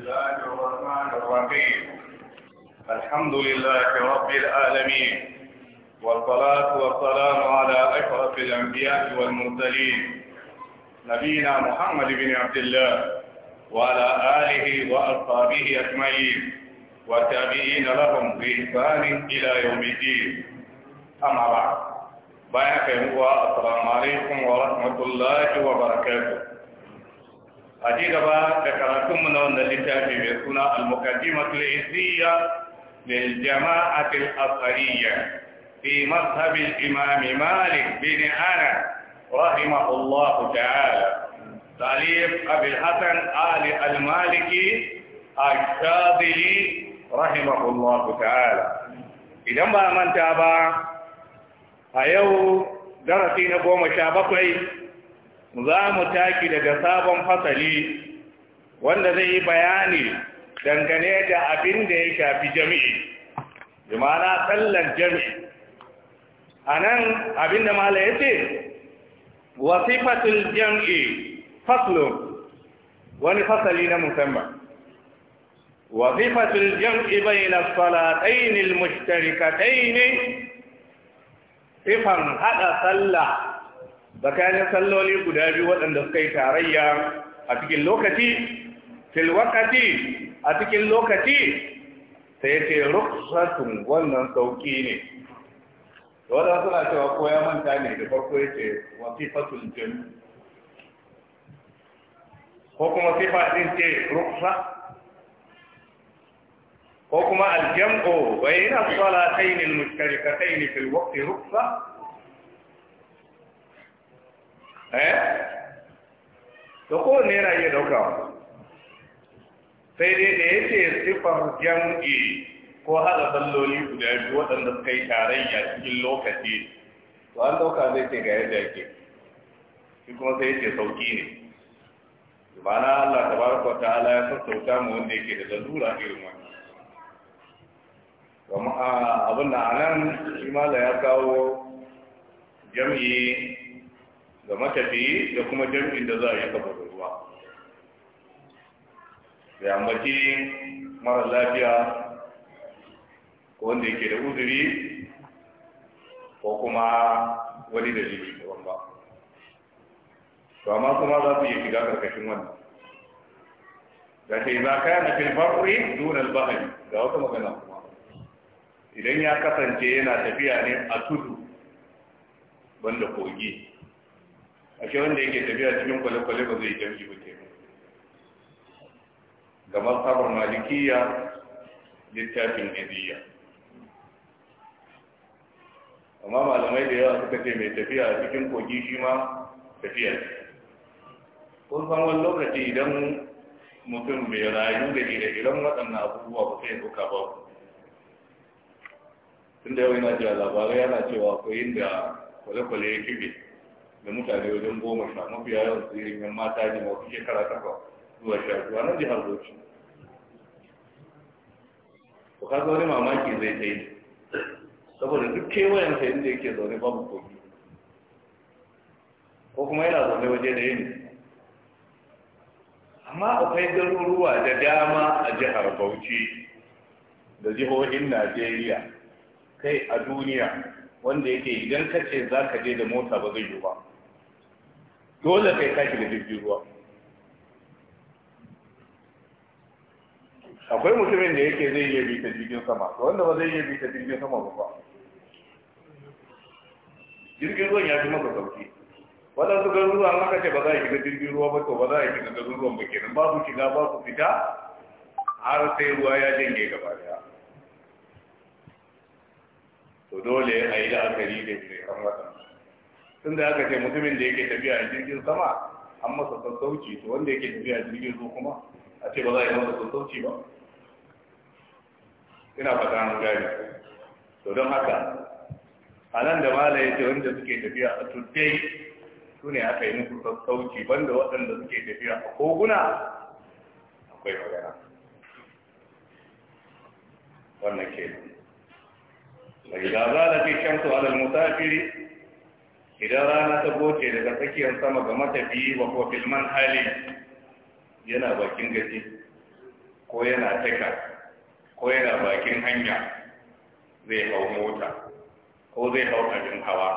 الله الرحمن الرحيم الحمد لله رب العالمين والصلاة والسلام على أشرف الأنبياء والمرسلين نبينا محمد بن عبد الله وعلى آله وأصحابه أجمعين والتابعين لهم بإحسان إلى يوم الدين أما بعد بارك الله السلام عليكم ورحمة الله وبركاته هذه غبا ذكرتم من النتائج من سنة المقدمة الإنسية للجماعة الأصلية في مذهب الإمام مالك بن أنس رحمه الله تعالى تعليق أبي الحسن آل المالكي الشاذلي رحمه الله تعالى إذا ما من تابع أيوه درسي نبوة مشابقة za mu taki daga sabon fasali wanda zai yi bayani dangane da abin da ya shafi jami'i jimana tsallar jami'i a nan abin da mala ya ce wasifatul jami'i faslun wani fasali na musamman wasifatul jami'i bai na salatainil mushtarikatai ne sifan haɗa sallah tsakanin salloli guda biyu waɗanda suka yi tarayya a cikin lokaci fil a cikin lokaci sai ya ce rukhsatun wannan sauki ne da wadanda suna cewa ko ya manta ne da farko ya ce wasifatul jin ko kuma sifa din ce rukhsa ko kuma aljam'u bayna salatayn al-mushtarikatayn fil waqti rukhsa eh to ne yana iya daukawa sai dai da ya ce jam'i ko haɗa salloli guda biyu waɗanda suka yi tarayya cikin lokaci to an dauka zai ce ga yadda ake shi kuma sai ya ce sauki ne ma'ana Allah ta ta ala ya sassauta mu wanda yake da lalura irin wannan kuma abin da anan shi ma ya kawo jam'i ga matafiye da kuma jirgin da za a yi kafa ruwa ya ambaci mara lafiya ko wanda yake da uzuri ko kuma wani dalili da ba to amma kuma za su iya shiga karkashin wannan da ta yi za ka yana fil barri duna al-bahri ga wata magana kuma idan ya kasance yana tafiya ne a tudu banda kogi ake wanda yake tafiya cikin kwale-kwale ba zai jam'i ba ke ga masabar malikiya littafin iziya amma malamai da yawa suka ce mai tafiya a cikin kogi shi ma tafiya ce kun san wani lokaci idan mutum mai rayu da ire-iren waɗannan abubuwa ba sai duka ba tun da yau yana cewa labarai yana cewa akwai inda kwale-kwale ya kibe da mutane wajen goma sha mafi yawan tsirin yan mata ne mafi shekara takwa zuwa sha zuwa nan jihar zoci Ku ka wani mamaki zai ta yi saboda duk kewayen sa inda yake zaune babu kogi ko kuma yana zaune waje da yin amma akwai garuruwa da dama a jihar Bauchi da jihohin Najeriya kai a duniya wanda yake idan ka ce za ka je da mota ba zai yi ba dole kai ka da jirgin ruwa akwai mutumin da yake zai iya bita jirgin sama to wanda ba zai iya bita jirgin sama ba jirgin ruwan ya fi maka sauki waɗansu garuruwa an aka ce ba za a shiga jirgin ruwa ba to ba za a shiga garuruwan ba kenan babu shiga babu fita har sai ruwa ya janye gaba daya to dole a yi la'akari da shi kan waɗansu tun da aka ce mutumin da yake tafiya a jirgin sama an masa sassauci to wanda yake tafiya a jirgin zo kuma a ce ba za a yi masa sassauci ba ina fata an gani to don haka a nan da mala ya ce wanda suke tafiya a tuddai su ne aka yi musu sassauci banda waɗanda suke tafiya a koguna akwai magana wannan ke da idan zalati su alal musafiri idan rana ta goce daga tsakiyar sama ga matafi wa ko filman hali yana bakin gaji ko yana taka ko yana bakin hanya zai hau mota ko zai hau abin hawa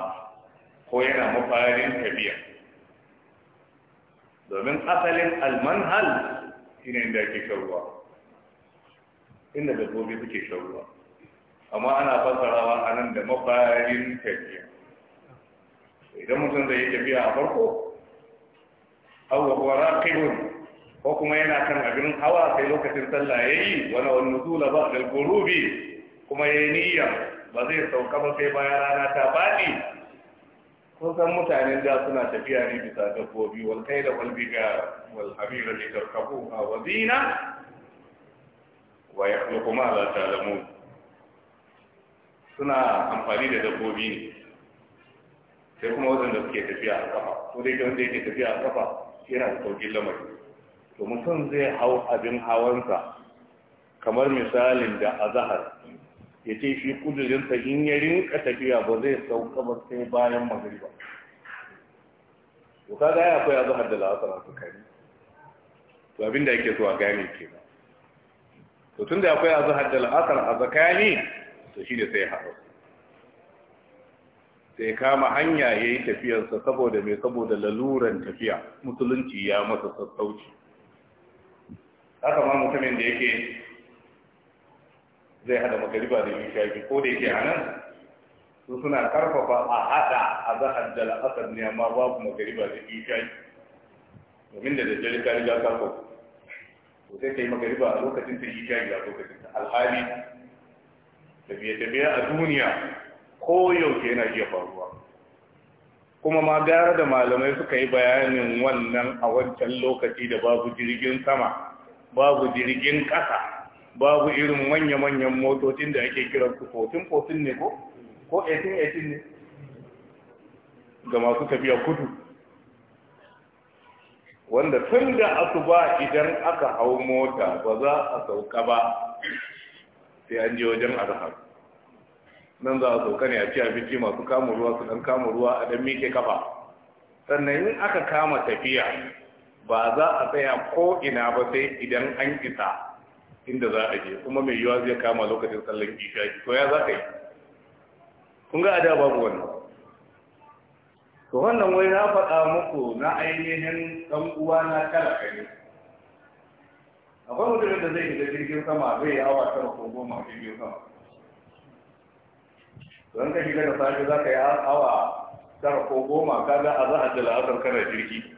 ko yana mafarin tafiya domin asalin almanhal shi ne inda ake shan ruwa inda suke shan amma ana fasarawa a nan da mafarin tafiya idan mutum zai yi tafiya a farko aw wa raqibun ko kuma yana kan abin hawa sai lokacin sallah yayi wala wan nuzula ba'da al-ghurubi kuma yayi niyya ba zai sauka ba sai bayan rana ta faɗi. kun san mutanen da suna tafiya ne bisa dabbobi wal da wal biga wal habira li tarkabuha wa zina wa yakhluqu ma la ta'lamun suna amfani da dabbobi ne sai kuma waɗanda suke tafiya a kafa ko dai wanda yake tafiya a kafa yana da saukin lamari to mutum zai hau abin hawansa kamar misalin da azahar ya ce shi kudurinsa in ya rinka tafiya ba zai sauka ba sai bayan magariba to kaga ya akwai azahar da la'asar a yi. to abin da yake zuwa gane ke to tun da akwai azahar da la'asar a tsakani to shi ne sai haɗu sai kama hanya ya yi tafiyarsa saboda mai saboda laluran tafiya musulunci ya masa sassauci haka ma mutumin da yake zai hada magariba da shafi ko da yake a nan su suna karfafa a hada a zahar da la'asar ne amma babu magariba da shafi domin da daddare ka riga ka ko sai ka yi magariba a lokacin ta shafi a lokacin ta alhali tafiye-tafiye a duniya ko yaushe yana iya faruwa kuma ma gara da malamai suka yi bayanin wannan a wancan lokaci da babu jirgin sama babu jirgin ƙasa babu irin manya-manyan motocin da ake kiran su 14-14 ne ko? ko 18-18 ne ga masu tafiya kudu wanda tun da asuba idan aka hau mota ba za a sauka ba sai an je wajen arhar nan za a sauka ne a ci abinci masu kama ruwa su dan kama ruwa a dan mike kafa sannan in aka kama tafiya ba za a tsaya ko ina ba sai idan an isa inda za a je kuma mai yiwuwa zai kama lokacin sallan isha to ya za ka yi kun ga ada babu wannan to wannan wai na faɗa muku na ainihin ɗan uwa na talaka ne akwai mutumin da zai shiga jirgin sama zai yi awa sama ko goma jirgin sama don ka shiga da safe za ka yi awa tara ko goma ka ga a za da la'asar kana jirgi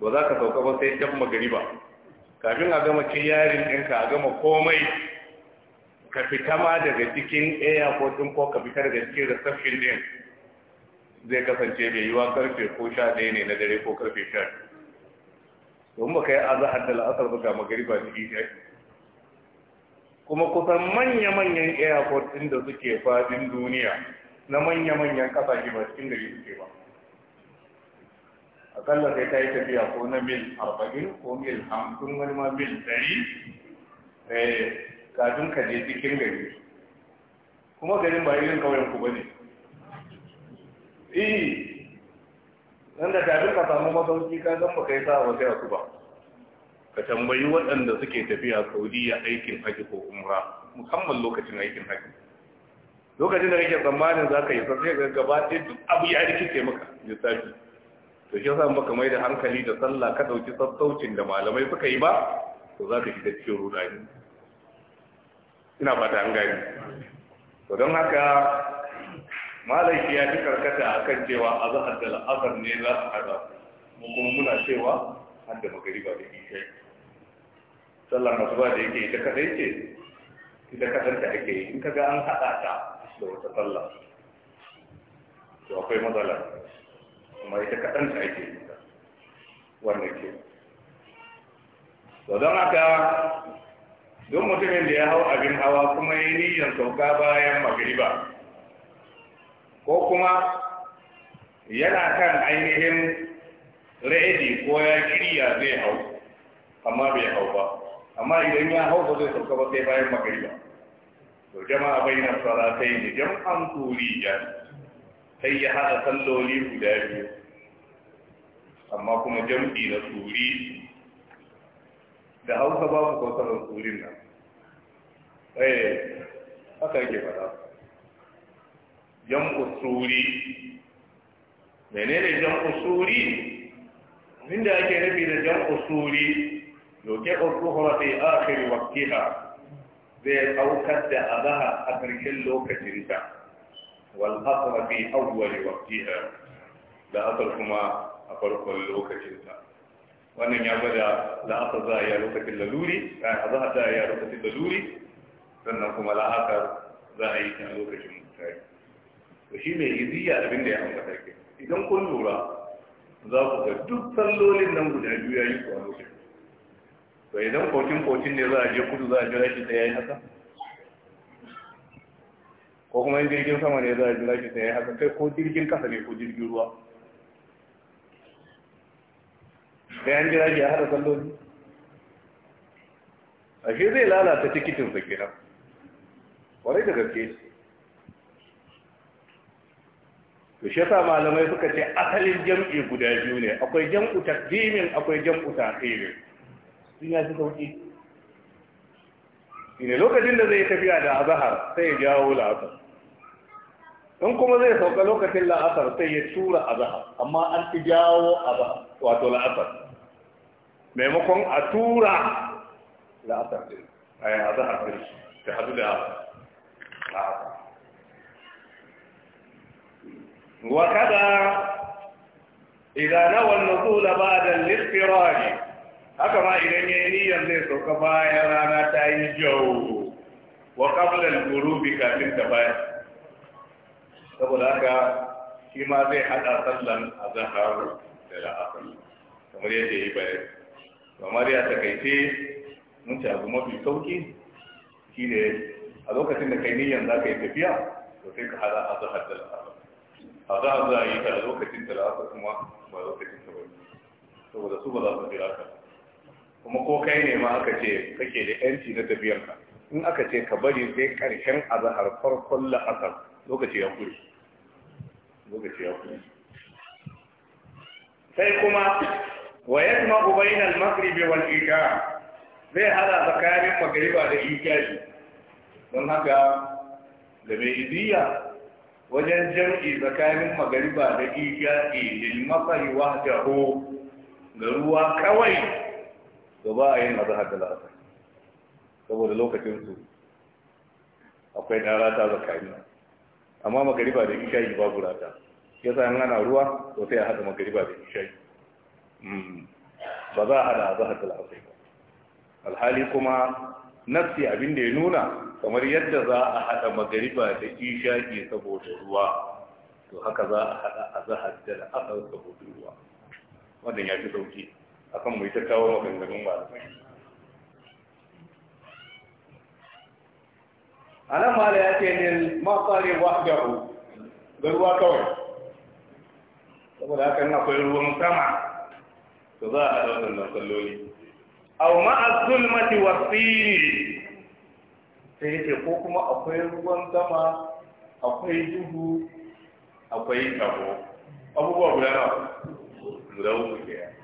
ba za ka sauka ba sai jan ba. kafin a gama cin yarin ɗinka a gama komai ka fita ma daga cikin airport ɗin ko ka fita daga cikin reception ɗin zai kasance mai yiwa karfe ko sha ɗaya ne na dare ko karfe sha biyu. Domin ba ka yi azahar da la'asar ba ga magariba da isha kuma kusan manya-manyan airport ɗin da suke fadin duniya na manya-manyan kasashe ba cikin gari suke ba akalla sai ta yi tafiya ko na mil arba'in ko mil hamsin wani ma mil ɗari eh, kafin ka je cikin gari kuma garin ba irin kawai ku ba ne eh nan da kafin ka samu masauki ka zan ba kai sa wasu ba ka tambayi waɗanda suke tafiya saudiya aikin haji ko umra musamman lokacin aikin haji lokacin da kake tsammanin za ka yi sai ga gaba ɗaya duk abu ya rikice maka lissafi to shi yasa baka mai da hankali da sallah ka ɗauki sassaucin da malamai suka yi ba to za ka shiga cikin rudani ina fata an gani to don haka shi ya fi karkata a kan cewa azhar da al'asar ne za su haɗa, mu kuma muna cewa har da magariba da isha'i sallar ba da yake ita kadai ce ita kadanta ake yi in kaga an haɗa ta da wata sallah to akwai matsala kuma ita kadanta ake yi wannan ke to don haka don mutumin da ya hau abin hawa kuma ya niyyar sauka bayan magriba ko kuma yana kan ainihin ra'adi ko ya kirya zai hau amma bai hau ba amma idan ya hau ba zai sauka ba sai bayan magariba to jama'a tsara sai ne turi turiya sai ya haɗa salloli guda biyu amma kuma jam'i na turi da hausa babu kausarar turin nan eh haka ke faɗa jam'u turi menene jam'u turi inda ake nufi da jam'u turi لوكيه الظهر في آخر وقتها ذي أوكد أبها أدرك اللوك جريتا والأطر في أول وقتها لا أطرهما أطرق وقت جريتا وأن يعبد لا أطر يا لوكة اللولي أي يعني أضاها يا لوكة اللولي فأنكم لا أطر ذا أي لوكة جريتا وشي ما يزيع لبن لي أحمد إذا كل لورا ذاك دوت اللولي نمو جاي جوا يكوا لوكة جريتا to idan kokin kokin ne za a je kudu za a jira shi tsaye haka ko kuma in jirgin sama ne za a jira shi tsaye haka kai ko jirgin kasa ne ko jirgin ruwa sai an jira shi a haɗa salloli a shi zai lalata tikitinsa kenan kwarai da gaske to shi yasa malamai suka ce asalin jam'i guda biyu ne akwai jam'u takdimin akwai jam'u takdimin. duniya suka wuce ne lokacin da zai tafiya da azahar sai ya jawo la'asar in kuma zai sauka lokacin la'asar sai ya tura azahar amma an fi jawo azahar wato la'asar maimakon a tura la'asar ɗin a yi azahar ɗin ta hadu da la'asar وكذا إذا نوى النزول بعد الاضطرار haka ma idan ya yi niyyar zai sauka bayan rana ta yi jau wa kablan gurubi kafin ta bayan saboda haka shi ma zai hada sallan a zahar da la'asar kamar yadda ya yi bayan kamar ya takaice mun ci abu mafi sauki shi ne a lokacin da kai niyyar za ka yi tafiya to sai ka hada a zahar da la'asar a zahar za a yi ta a lokacin da la'asar kuma ba lokacin da bane saboda su ba za su fi haka kuma ko kai ne ma aka ce kake da yanci na tafiyarka in aka ce ka bari sai karshen azahar farkon la'asar lokaci ya kuri lokaci ya kuri sai kuma wa yasma bayna al-maghrib wal isha zai hada tsakanin magariba da isha don haka da mai idiya wajen jam'i tsakanin magariba da isha'i lil masari wahdahu ga ruwa kawai to ba a yin azahar da la'asar saboda lokacinsu akwai ɗan rata zakani amma magariba da ishayi babu rata ya sa ana ruwa to sai a haɗa magariba da ishayi mm. ba za a haɗa azahar da la'asar ba alhali kuma nafsi abin da ya nuna kamar yadda za a haɗa magariba da ishayi saboda ruwa to haka za a haɗa azahar da la'asar saboda ruwa wannan ya fi sauki akan mu ita kawo maganganun malamai a nan mala ya ce ne matsari wahdahu ga ruwa kawai saboda haka in akwai ruwan sama to za a haɗa wannan salloli au ma'a zulmati wasiri sai yake ko kuma akwai ruwan sama akwai duhu akwai tabo abubuwa guda nawa guda uku kenan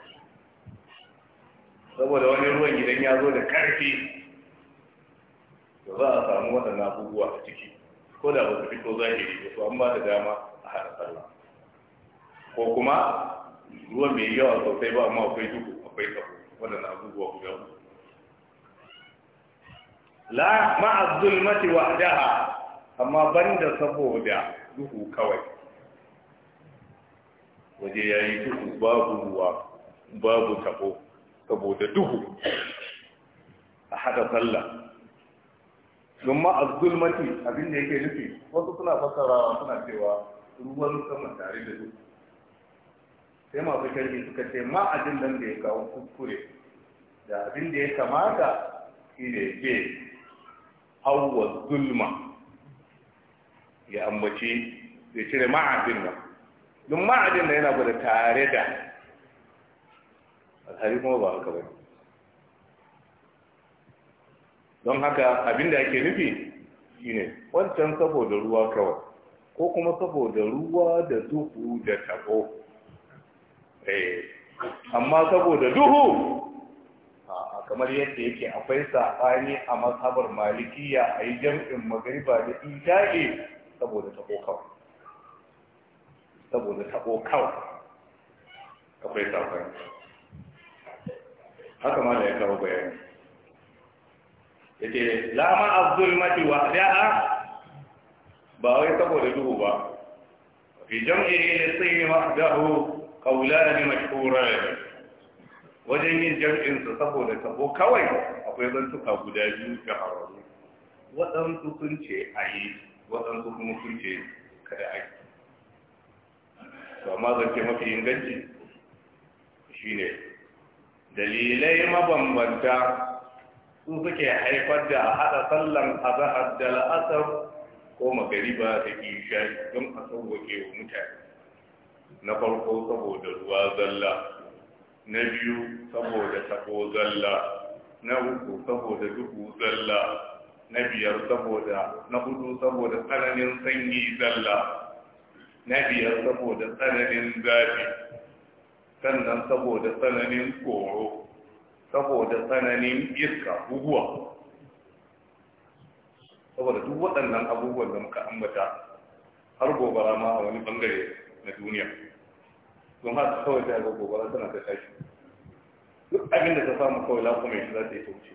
saboda wani ruwan idan ya zo da karfi to za a samu waɗannan abubuwa a ciki ko da ba su fito zahiri ba su an ba da dama a haɗa sallah ko kuma ruwan mai yawa sosai ba amma akwai duhu akwai tsaho waɗannan abubuwa guda uku la ma'a zulmati wahdaha amma ban da saboda duhu kawai waje ya yi duhu babu ruwa babu tabo saboda duhu a haɗa sallah don a zulmati abin da yake nufi wasu suna fassarawa suna cewa ruwan sama tare da duhu sai masu sharhi suka ce ma ajin nan da ya kawo kuskure da abin da ya kamata shi ne ke hawa zulma ya ambaci ya cire ma'adin nan don ma'adin nan yana gwada tare da alhali kuma ba haka ba don haka abinda ake nufi shine wancan saboda ruwa kawai ko kuma saboda ruwa da duhu da tabo eh amma saboda duhu kamar yadda yake akwai saɓani a mazhabar malikiya a yi jam'in magariba da isha'i saboda taɓo kawai saboda taɓo kawai akwai saɓani haka ma da ya kawo bayani yake la ma az-zulmati wahdaha ba wai saboda duhu ba fi jam'i lisayyi wahdahu qawlan mashhuran wajen yin jam'in su saboda tabo kawai akwai zantuka guda biyu da haramu waɗansu sun ce a yi waɗansu kuma sun ce kada a yi to amma zance mafi inganci shine dalilai mabambanta su suke haifar da haɗa sallan azahar da la'asar ko magariba da shari don a sauwake wa mutane na farko saboda ruwa zalla na biyu saboda tako zalla na uku saboda duhu zalla na biyar saboda na hudu saboda tsananin sanyi zalla na biyar saboda tsananin zafi sannan saboda tsananin tsoro saboda tsananin iska guguwa saboda duk waɗannan abubuwan da muka ambata har gobara ma a wani bangare na duniya don haka kawai ta ga gobara tana ta tashi duk abin da ta samu kawai lafi mai za ta yi tauce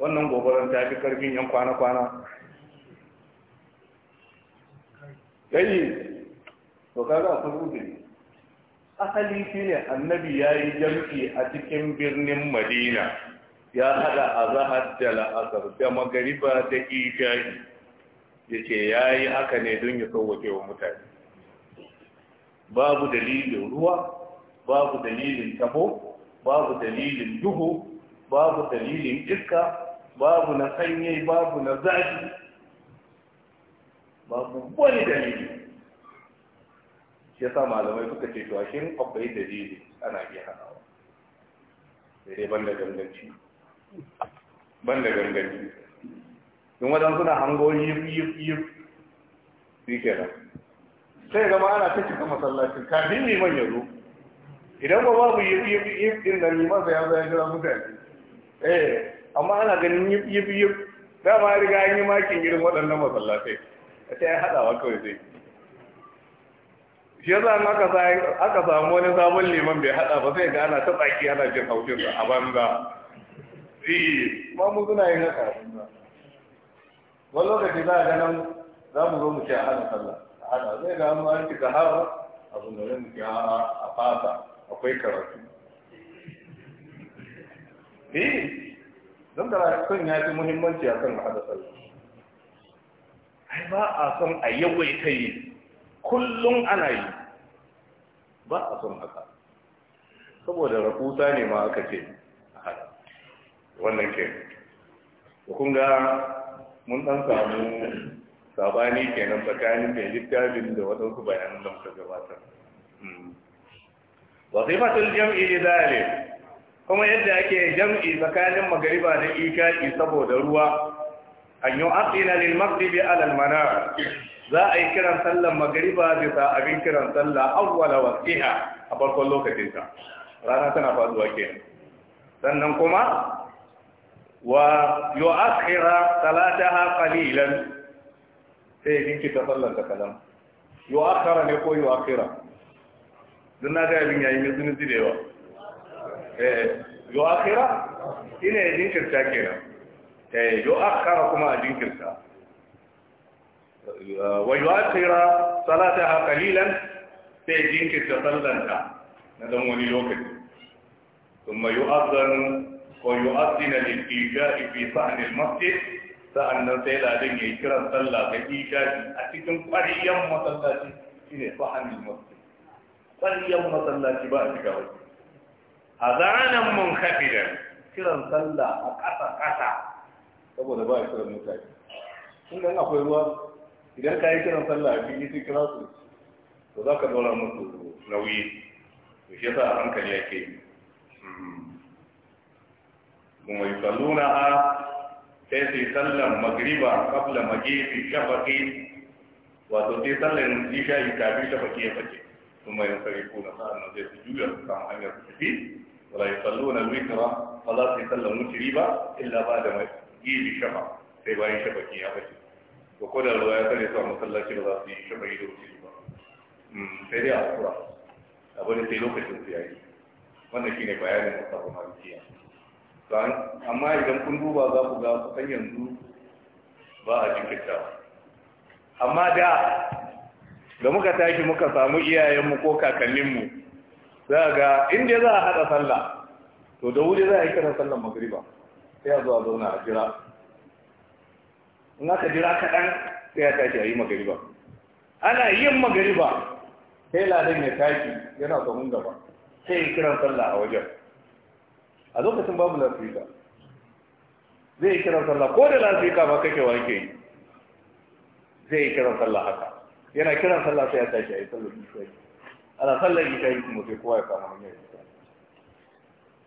wannan gobaran ta fi karfin yan kwana-kwana yayi to kaga akwai rubin asali ne annabi ya yi jam'i a cikin birnin madina ya hada a zahar da la'asar da magariba da isha'i ya ce ya yi haka ne don ya sauwake wa mutane babu dalilin ruwa babu dalilin tabo babu dalilin duhu babu dalilin iska babu na sanyi babu na zafi babu wani dalilin shi yasa malamai suka ce to ashin akwai dalili ana iya hanawa sai dai banda ganganci banda ganganci in wadan suna hango yif yif yif shi nan sai gama ana ta cika masallacin kafin neman ya zo idan ba babu yif yif yif din da neman sai ya zo ya jira mutane eh amma ana ganin yif yif yif dama riga an yi makin irin waɗannan masallatai a ta yi haɗawa kawai zai shi yasa an aka samu wani sabon liman bai hada ba sai ga ana ta tsaki ana jin haushin a banza eh ma mu suna yin haka wani lokaci za a ganin za mu zo mu ce a hana sallah a hada zai ga mu an ka hawa abin da zan ce a fasa akwai karatu eh don da son ya fi muhimmanci akan hada sallah ai ba a son a yawaita yi kullum ana yi ba a son haka saboda rahusa ne ma aka ce a haka wannan ke kun ga mun dan samu sabani kenan tsakanin mai littafin da waɗansu bayanan da muka gabatar hmm. wasifatul jam'i ne, kuma yadda ake jam'i tsakanin magariba da ikaki saboda ruwa an yi aqina lil magribi ala al za a yi kiran sallar magariba da ta abin kiran sallar awwala wasiha a farkon lokacinta rana tana faduwa ke sannan kuma wa yu'akhira salataha qalilan sai ki ta sallar ta kalam yu'akhara ne ko yu'akhira dan na ga abin yayi mizu mizu da yawa eh yu'akhira ina dinkirta kenan eh yu'akhara kuma a dinkirta ويؤخر صلاتها قليلا في جنك تطلنها ندم ونلوكت ثم يؤذن ويؤذن للإيجاء في صحن المسجد سأن سيلا لن يكرا صلى بإيجاء أتيتم قريم وصلاتي في صحن المسجد قريم وصلاتي بأسك وجه أذانا منخفضا كرا صلى أكثر كثر أبو نبايا كرا منخفضا إنه idan ka yi kiran sallah a fili sai kira su to za ka dora musu nauyi to shi yasa a hankali yake yi hmm. kuma yi salluna a sai su yi sallan magriba kafla magefi shafaki wato sai sallan isha yi kafin shafaki ya fake kuma yin sarifu kuna sa'an nan zai su juya su kama hanyar su tafi wala yi na wikira ba za su yi sallan wutiri ba illa ba da magefi shafa sai bayan shafaki ya fake ba ko da ruwa ya kare su a masallaci ba za su yi shafa yi da wuce ba mm, sai dai a kura abu da sai lokacin su yayi wannan shi ne bayanin da sabon malikiya amma idan kun duba za ku ga kusan yanzu ba a jinkirtawa amma da da muka tashi muka samu iyayenmu ko kakanninmu za ga inda za a haɗa sallah to da wuri za a yi kiran sallan magriba sai a zuwa zauna a jira in aka jira kaɗan sai ya tashi a yi magariba ana yin magariba sai ladan ya tashi yana tsohon gaba sai yi kiran sallah a wajen a lokacin babu lafiya zai yi kiran sallah ko da lafika ba kake wake yi zai yi kiran sallah haka yana kiran sallah sai ya tashi a yi sallar isha'i ana sallar yi kuma sai kowa ya kama hanyar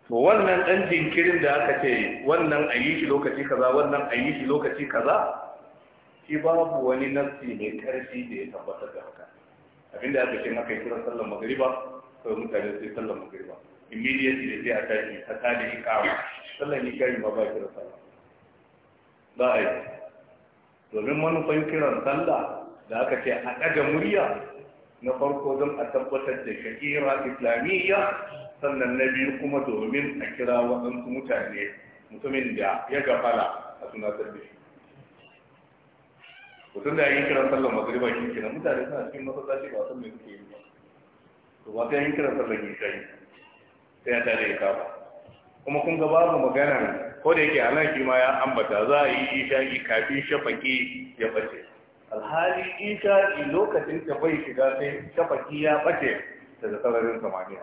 to wannan ɗan jinkirin da aka ce wannan a yi shi lokaci kaza wannan a yi shi lokaci kaza shi babu wani nafsi mai karfi da ya tabbatar da haka abinda aka ce maka yi kiran sallar magariba kawai mutane sai sallar magariba immediately sai a tashi a tada kawo sallar ni kai ma ba kiran sallar. ba a yi domin manufan kiran sallar, da aka ce a ɗaga murya na farko don a tabbatar da shakira islamiyya sannan na biyu kuma domin a kira waɗansu mutane mutumin da ya gafala a tunatar da shi mutum da yi kiran sallar magariba shi kenan mutane suna cikin masallaci ba san me suke yi ba to ba sai yin kiran sallar yi sai sai ya tare ya kafa kuma kun ga babu magana ko da yake anan shi ma ya ambata za a yi isha'i kafin shafaki ya bace alhali isha'i lokacin ta bai shiga sai shafaki ya bace daga sararin samaniya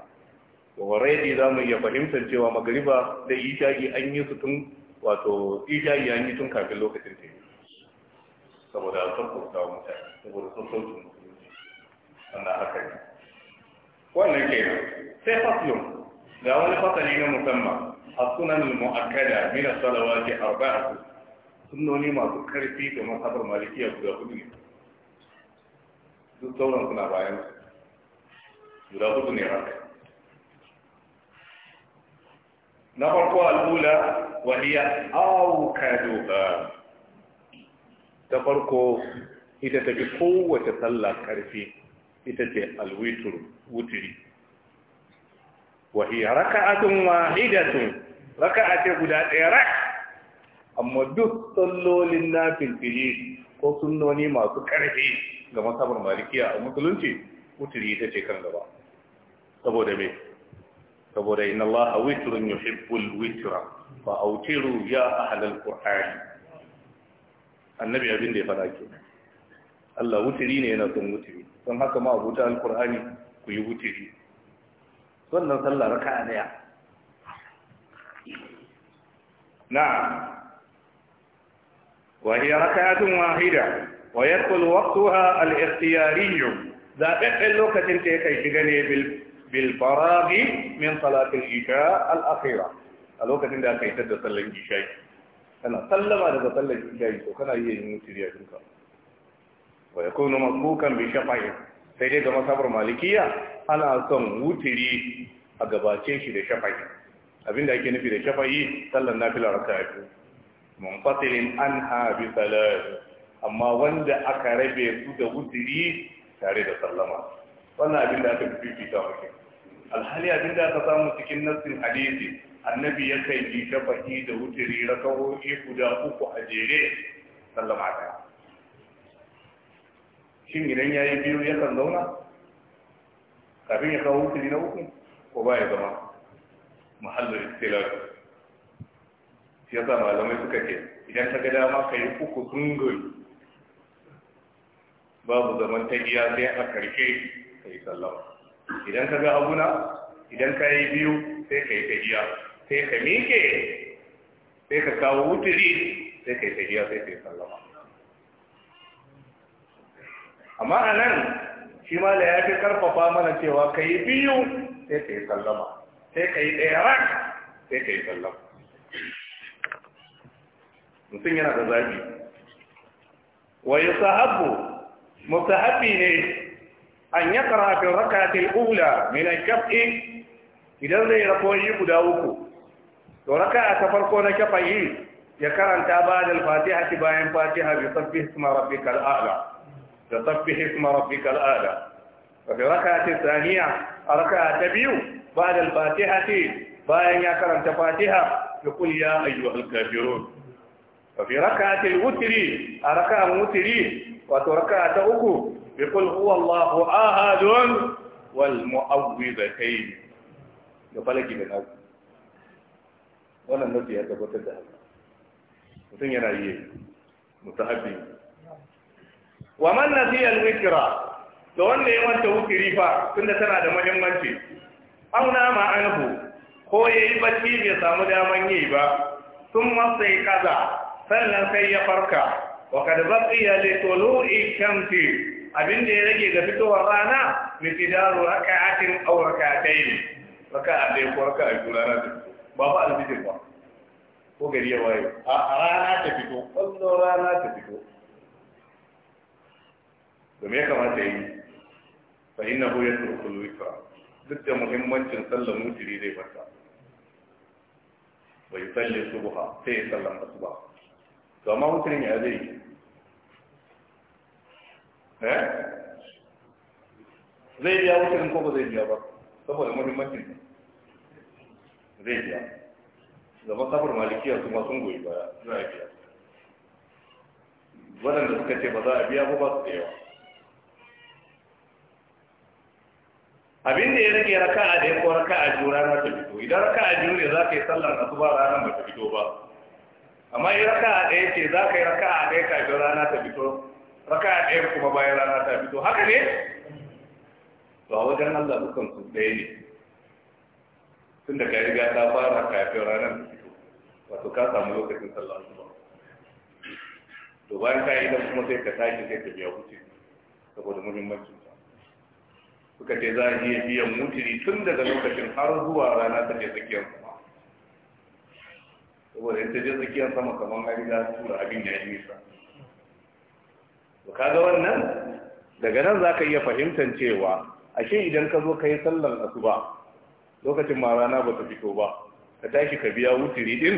already za mu iya fahimtar cewa magariba da isha'i an yi su tun wato isha'i an yi tun kafin lokacin ta yi. saboda a sassauta wa mutane saboda sassautin musulunci ana haka ne wannan ke sai faslun ga wani fasali na musamman a sunan ke arba a arba'atu sunnoni masu karfi da masabar malikiya guda hudu ne duk sauran suna bayan guda hudu ne haka na farko al'ula wahiya aukaduha ta farko ita ta fi kowace sallah karfi ita ce alwitur wutiri wahiya raka'atun wahidatun raka'a guda ɗaya rak amma duk tsallolin na filfili ko sunoni masu ƙarfi, ga masabar malikiya a musulunci wutiri ita ce kan gaba saboda me saboda in Allah witrun witira, ba a autiru ya ahlal qur'ani annabi abin da ya fara ke Allah wutiri ne yana son wutiri don haka ma abuta alqur'ani ku yi wutiri sannan sallah raka'a daya na'am وهي ركعة واحدة ويدخل وقتها الاختياري ذا بقل لوكة تيكي شغني bil min salatil isha al a lokacin da aka yi da sallan isha kana sallama daga sallan isha to kana iya yin mutiriya dinka wa yakunu masbukan bi shafa'i sai dai ga masabar malikiya ana son wutiri a gabace shi da shafa'i abinda ake nufi da shafa'i sallan nafila raka'a munfasilin anha bi salat amma wanda aka rabe su da wutiri tare da sallama wannan abin da aka fifita alhali abin da aka samu cikin nassin hadisi annabi ya kai ji ta fahi da wutiri rakawoyi guda uku a jere sallama ta shin idan ya yi biyu yakan zauna kafin ya kawo wuturi na uku ko ba ya zama muhallin istilar shi ya sa malamai suka ce idan ka ga dama ka yi uku sungoyi babu zaman ta iya sai a karshe ka yi sallama idan ka ga abuna idan ka yi biyu sai ka yi tajiya sai ka miƙe sai ka kawo wuturi sai ka yi tajiya sai ka yi sallama amma a nan shi ma da ya fi karfafa mana cewa ka yi biyu sai ka yi sallama sai ka yi ɗaya rak sai ka yi sallama mutum yana da zabi wa yi sahabu musahabi ne an ya kara rakatil ula min shafi idan zai rakoyi guda uku to raka'a ta farko na shafa'i ya karanta ba da fatiha ki bayan fatiha bi sabbi isma rabbikal kal'ada. da sabbi isma rabbikal a'la wa fi saniya a raka'a ta biyu ba da fatiha bayan ya karanta fatiha ya kul ya ayyuhal kafirun wa fi wutiri a witri wutiri wato raka'a ta uku بقل هو الله أحد والمعوذتين da falaki da nazi wannan nazi ya tabbatar da haka mutum yana yi mutahabbi wa man to wanda ya wanta wukiri fa tunda tana da muhimmanci auna ma anhu ko yayi bacci bai samu daman yi ba sun masai kaza sannan sai ya farka wa kad baqiya li tulu'i shamsi abin da ya rage da fitowar rana mitidaru raka'atin ne. Raka a ɗaya ko raka raka'a biyu rana ta ba ba alfijir ba ko gari ya waye a rana ta fito ƙwallo rana ta fito da me kamata yi fa innahu yatruku al-witra duk da muhimmancin sallar mutiri zai fata bai salli subha sai sallar asuba to amma mutirin ya zai yi Eh? zai biya wuce ko ba zai biya ba saboda muhimmancin zai biya zama kafar malikiya su masu goyi ba za a biya waɗanda suka ce ba za a biya ba ba su da yawa abin da ya rage raka a da ya ko raka a jura rana ta fito idan raka a biyu ne za ka yi sallar na su ba ranar ba ta fito ba amma yi raka a ɗaya ce za ka yi raka a ɗaya kafin rana ta fito raka ɗaya kuma bayan rana ta fito haka ne to wajen Allah dukan su ɗaya ne tun da ka riga ta fara kafin ranar ta fito wato ka samu lokacin sallah su ba to bayan ka yi kuma sai ka tashi sai ka biya wuce saboda muhimmancin ta suka ce za a iya biyan mutiri tun daga lokacin har zuwa rana ta ke tsakiyar sama saboda yadda ta je tsakiyar sama kamar hari da tura abin ya yi nisa to kaga wannan daga nan zaka iya fahimtar cewa ashe idan ka zo ka yi sallar asuba lokacin ma rana ba ta fito ba ka tashi ka biya wuturi din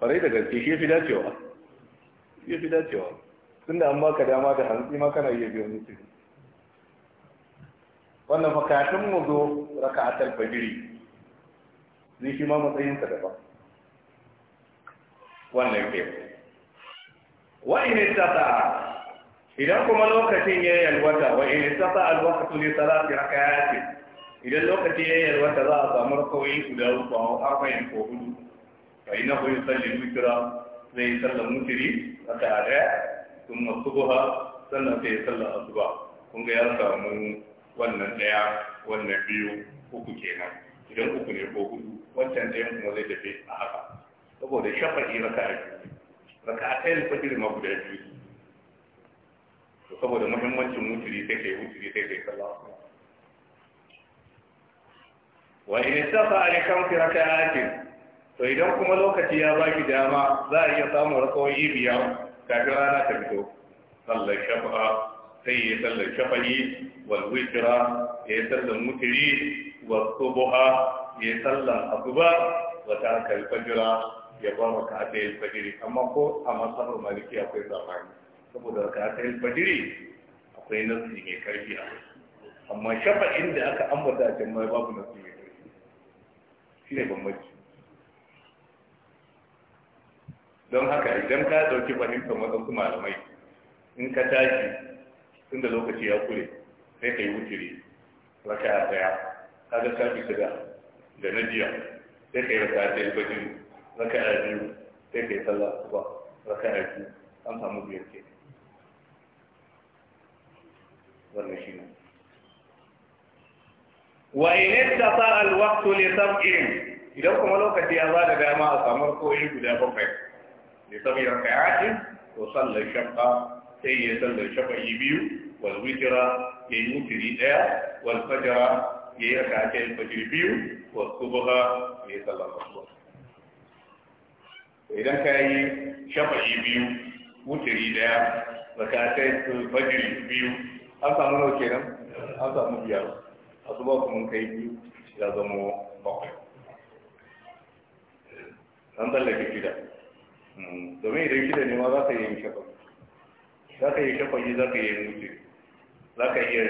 farai da gaske shi fi dacewa shi fi dacewa tun da an baka dama da hantsi ma kana iya biyan wuturi wannan fakashin mu zo raka'atul fajiri zai shi ma matsayinsa daban wannan kenan wa in istata'a idan kuma lokacin ya yalwata wa in istata alwaqtu li salati rak'ati idan lokacin ya yalwata za a samu rakawai guda uku a arba'in ko hudu fa innahu yusalli witra zai sallar mutiri raka daya kuma subha sannan sai sallar asuba kun ga ya samu wannan daya wannan biyu uku kenan idan uku ne ko hudu wancan ɗayan kuma zai tafi a haka saboda shafa'i raka'a biyu raka a tayin fajiri ma guda biyu to saboda muhimmancin wuturi sai kai wuturi sai kai sallah wa in safa alikan fi raka'atin to idan kuma lokaci ya baki dama za a iya samu rakawoyi biyar kafin rana ta fito sallar shafa'a sai ya sallar shafa'i wal witra ya sallar mutiri wa subha ya sallar asuba wa tarkal fajra ya ba ka ta yin fajiri amma ko a masarar maliki akwai zamani saboda ka ta yin fajiri akwai nasi mai karfi a amma shafa inda aka ambata a mai babu nasi mai karfi shi ne bambanci don haka idan ka ɗauki fahimtar waɗansu malamai in ka tashi tun da lokaci ya kure sai ka yi wuturi raka a daya kaga ka fi shiga da na jiya sai ka yi raka a tsayin fajiri raka a biyu sai ka yi sallah asuba raka a biyu an samu biyar ke wannan shi ne wa in tasa al ne li sab'in idan kuma lokaci ya bada dama a samu koyi guda bakwai li sab'i raka'atin wa salla shafa sai ya shafa shaqa'i biyu wal witra ya yi wutiri daya wal fajra ya yi raka'atin fajr biyu wa subha ya salla subha idan ka yi shafa'i biyu wuturi daya zakatai fajiri biyu an samu nau kenan an samu biyar asuba kuma kai biyu ya zama bakwai an tsallake shida hmm, domin idan shida ne ma za ka yi shafa za ka yi shafa yi za ka yi mutu za ka yi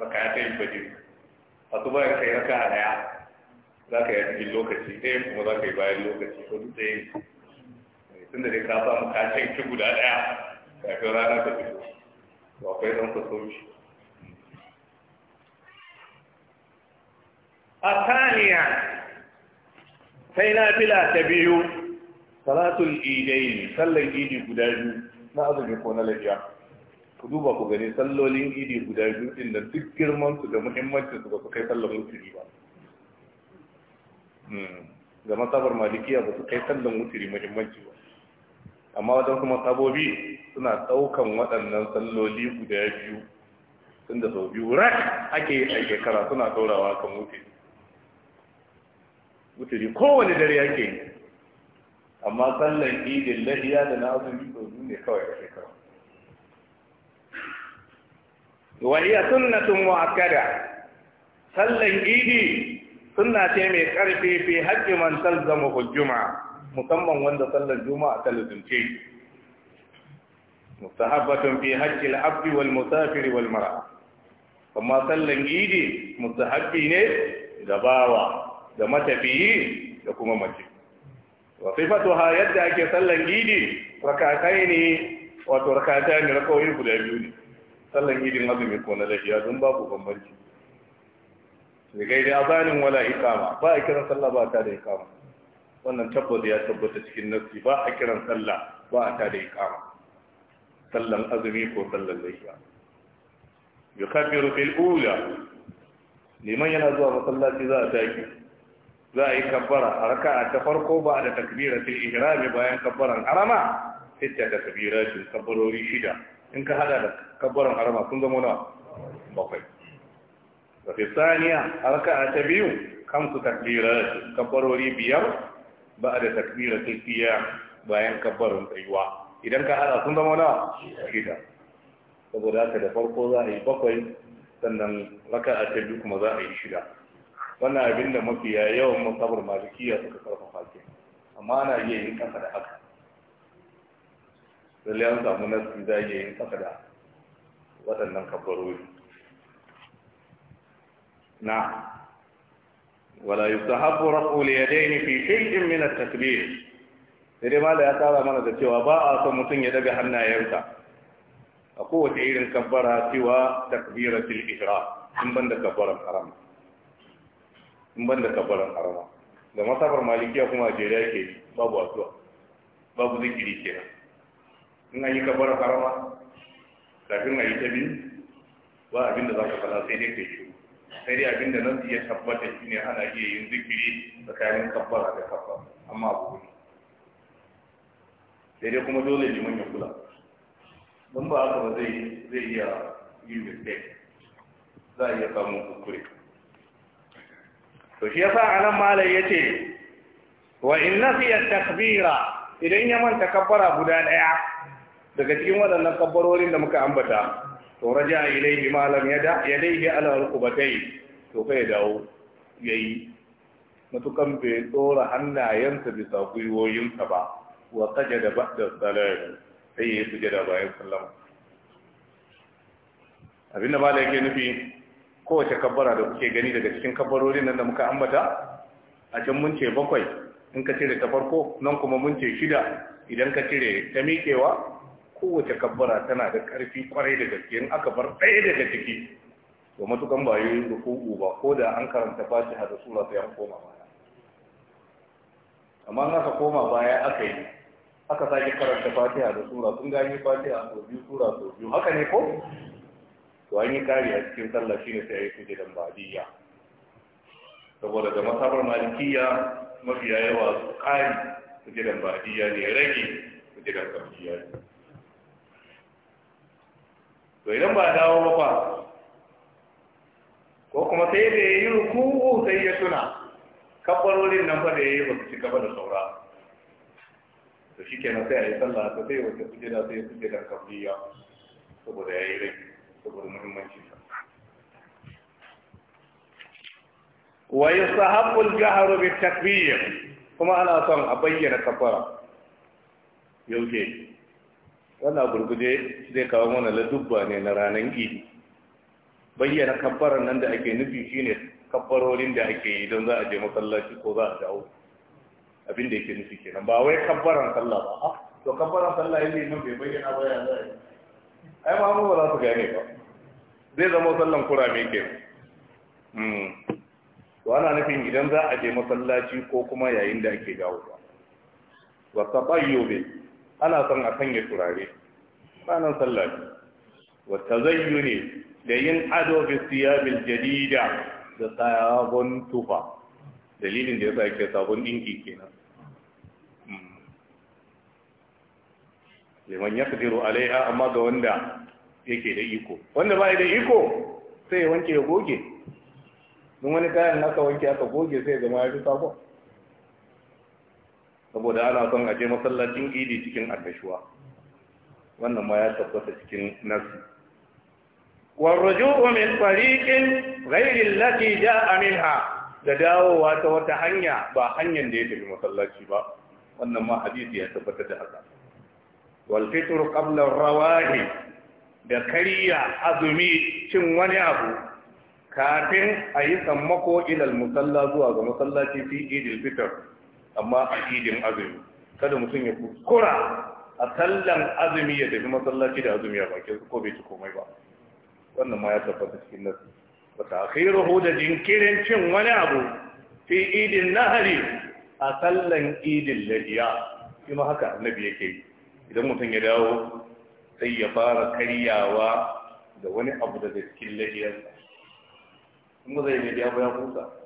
rakatai fajiri asuba ya kai raka daya za ka yi lokaci ɗaya kuma za ka yi bayan lokaci ko duk da yin tun da dai ka samu ka ci guda ɗaya kafin rana ta fito ba kai don ka soci a taniya sai na fila ta biyu salatul idai sallan idi guda biyu na azumi ko na lafiya ku duba ku gani sallolin idi guda biyu din da duk girman su da muhimmancin su ba su kai sallan wuturi ba hmm, ga masabar malikiya ba su kai sallan wuturi muhimmanci ba amma wajen kuma sabobi suna ɗaukan waɗannan salloli guda biyu tun da sau biyu rak ake yi a shekara suna saurawa kan wuturi ne kowane dare yake yi amma sallan idin lahiya da na abin biyu biyu ne kawai a shekara wahiya sunnatun mu'akkada sallan idi suna ce mai ƙarfi fi hajji man zama hujjuma musamman wanda sallar juma'a ta lizumce mustahabbatun fi haqqil abdi wal musafir wal mar'a amma sallan gidi mustahabbi ne ga bawa da matafiyi da kuma mace wa sifatuha yadda ake sallan gidi, rakatai ne wato rakatai ne rakawoyi guda biyu ne sallan idin azumi ko na lafiya don ba babu bambanci da gaida azanin wala ikama ba a kiran sallah ba ta da ikama wannan tabbata ya tabbata cikin nafsi ba a kiran sallah ba a tada ikama sallan azumi ko sallan layya yukabbiru bil ula liman yana zuwa masallaci za a tashi za a yi kabbara a raka'a ta farko ba da takbira takbiratul ihrami bayan kabbaran harama sai ta takbiratul kabbarori shida in ka hada da kabbaran harama sun zama nawa bakwai da fi saniya a raka'a ta biyu kamsu takbiratul kabbarori biyar ba a da takbira tafiya bayan kabbarin tsayuwa idan ka hada sun zama nawa shida saboda haka da farko za a yi bakwai sannan raka a ta biyu kuma za a yi shida wannan abin da mafiya yawan masabar malikiya suka karfafa ke amma ana iya yin kasa da haka lalle an samu nasi za a iya yin kasa da waɗannan kabarori na wala yustahabbu raf'u al-yadayni fi shay'in min at-takbir sai mala ya tsara mana da cewa ba a son mutum ya daga hannayensa a kowace irin kabbara cewa takbira takbiratul ihram in banda kabbaran haram in banda kabbaran haram da masabar malikiya kuma a jeriya ke babu addu'a babu zikiri kenan in an yi kabbaran harama kafin a yi ta biyu ba abin da za ka fara sai dai kai shi sai dai abin da nan ya tabbata shi ne ana iya yin zikiri tsakanin kabbara da kabbara amma abu ne sai dai kuma dole ne ya kula don ba haka ba zai zai iya yin mistake za a iya samu kuskure to shi yasa nan malai yace wa in nafiya takbira idan ya manta kabbara guda daya daga cikin waɗannan kabbarorin da muka ambata to raja ilaihi ma lam yada yadaihi ala alqubatai to kai dawo yayi matukan bai tsora hannayensa bisa gwiwoyinsa ba wa sajada ba'da sai ya sujada bayan sallama abinda ba da yake nufi kowace kabbara da kuke gani daga cikin kabbarorin nan da muka ambata a can mun ce bakwai in ka cire ta farko nan kuma mun ce shida idan ka cire ta miƙewa kowace kabbara tana da ƙarfi kwarai da gaske in aka bar ɗaya daga ciki to matukan ba yi ruku'u ba ko da an karanta fatiha da sura sai an koma baya amma an aka koma baya aka yi aka sake karanta fatiha da sura sun gani fatiha sau biyu sura sau biyu haka ne ko to an yi kariya a cikin sallah shine sai a yi da ba'diyya saboda da masabar malikiya mafiya yawa su kari da ba'diyya ne rage da kamfiya ne to idan ba dawo ba fa ko kuma sai da ya yi ruku'u sai ya tuna kabbarorin nan fa da ya yi ba su ci gaba da saura to shi kenan sai a yi sallah ta sai wata kujera sai ya da kabliya saboda ya yi rai saboda muhimmanci sa wa yusahabbu al-jahru bi takbir kuma ana son a bayyana kafara yauke wannan gurguje zai kawo mana ladubba ne na ranar idi bayyana kabbaran nan da ake nufi shine kabbarorin da ake yi don za a je masallaci ko za a dawo abin da yake nufi kenan ba wai kabbaran sallah ba ah, to kabbaran sallah yayin nan bai bayyana ba ya zai ai ma mu ba za su gane ba zai zama sallan kurame kenan mm to ana nufin idan za a je masallaci ko kuma yayin da ake dawo ba wa tabayyube ana son a sanya turare ranar sallah wa ne da yin ado bi siyabil jadida da sabon tufa dalilin da yasa yake sabon dinki kenan liman yaqdiru alaiha amma ga wanda yake da iko wanda bai da iko sai wanke ya goge don wani kayan aka wanke aka goge sai ga ma ya fi sabon saboda ana son a je masallacin idi cikin annashuwa wannan ma ya tabbata cikin nasi warruju'u min tariqin ghayri allati ja'a minha da dawowa ta wata hanya ba hanyar da ya tafi masallaci ba wannan ma hadisi ya tabbata da haka wal fitr qabla rawahi da kariya azumi cin wani abu kafin a yi sammako ilal musalla zuwa ga masallaci fi idil fitr amma a idin azumi kada mutum ya kura a sallan azumi ya tafi masallaci da azumi a bakin ko bai ci komai ba wannan ma ya tabbata cikin nasu wa ta'khiruhu da jinkirin cin wani abu fi idin nahari a sallan idin ladiya shi haka annabi yake yi idan mutum ya dawo sai ya fara karyawa da wani abu da cikin ladiyarsa in zai ladiya ba ya kusa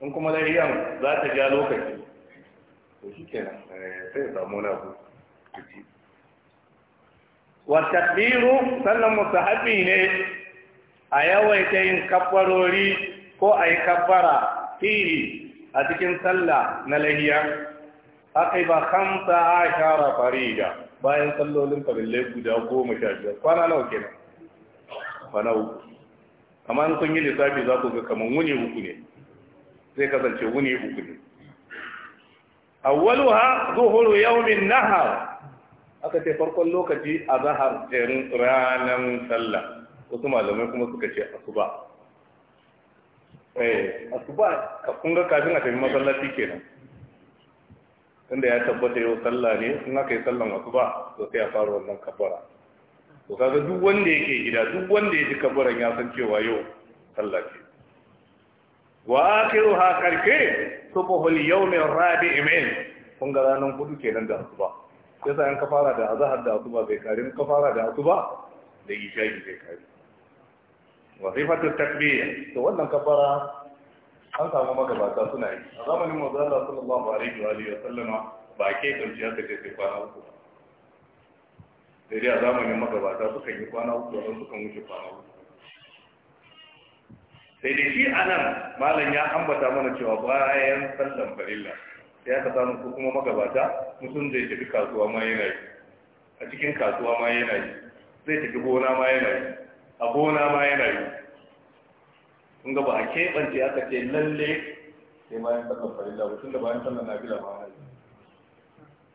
in kuma lahiyan za ta ja lokaci to shi ke eh, sai ya samu na ku wa takbiru sannan musahabi ne a yawaita yin kafarori ko a yi kabbara fili a cikin sallah na lahiya aka ba kamsa a shara farida bayan sallolin farillai guda goma sha biyar kwana nawa kenan kwana uku amma kun yi lissafi za ku ga kamar wuni uku ne zai kasance wuni uku ne awwaluha zuhuru yawmin nahar aka ce farkon lokaci a zahar ɗin ranar sallah wasu malamai kuma suka ce asuba eh asuba kun ga kafin a tafi masallaci kenan tunda ya tabbata yau sallah ne in aka yi sallan asuba to sai a fara wannan kafara to kaga duk wanda yake gida duk wanda ya ji kafaran ya san cewa yau sallah ce wa akhiruha karke subuhul yawm ar-rabi' min kun ga ranan kudu nan da asuba yasa an ka fara da azahar da asuba bai kare ka fara da asuba da isha'i bai kare wazifatu takbir to wannan kafara an samu magabata suna yi a zamanin manzo Allah sallallahu alaihi wa alihi wa sallama ba ke kanci haka ce sai kwana uku sai dai a zamanin magabata sukan yi kwana uku don sukan wuce kwana uku sai da shi a nan malam ya ambata mana cewa bayan sallan farilla sai aka samu ko kuma magabata mutum zai tafi kasuwa ma yana yi a cikin kasuwa ma yana yi zai tafi gona ma yana yi a gona ma yana yi kun ga ba a keɓance aka ce lalle sai bayan sallan farilla ba tun da bayan sallan nafila ma yana yi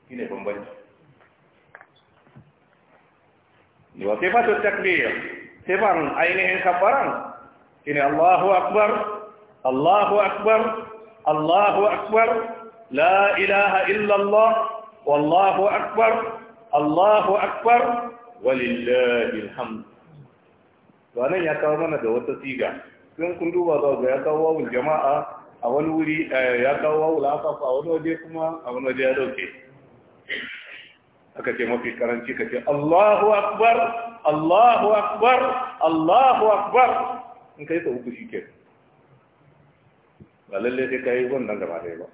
shi ne bambanci wa sai fatar takliya sai ban ainihin kafaran shine Allahu akbar Allahu akbar Allahu akbar la ilaha illa Allah wallahu akbar Allahu akbar walillahi alhamd wannan ya kawo mana da wata siga sun kun duba za ga ya kawo wawul jama'a a wani wuri ya kawo wawul asaf a wani waje kuma a wani waje ya dauke aka ce mafi karanci ka ce Allahu akbar Allahu akbar Allahu akbar in kai sau uku shi ke ba lalle sai kai wannan gaba dai ba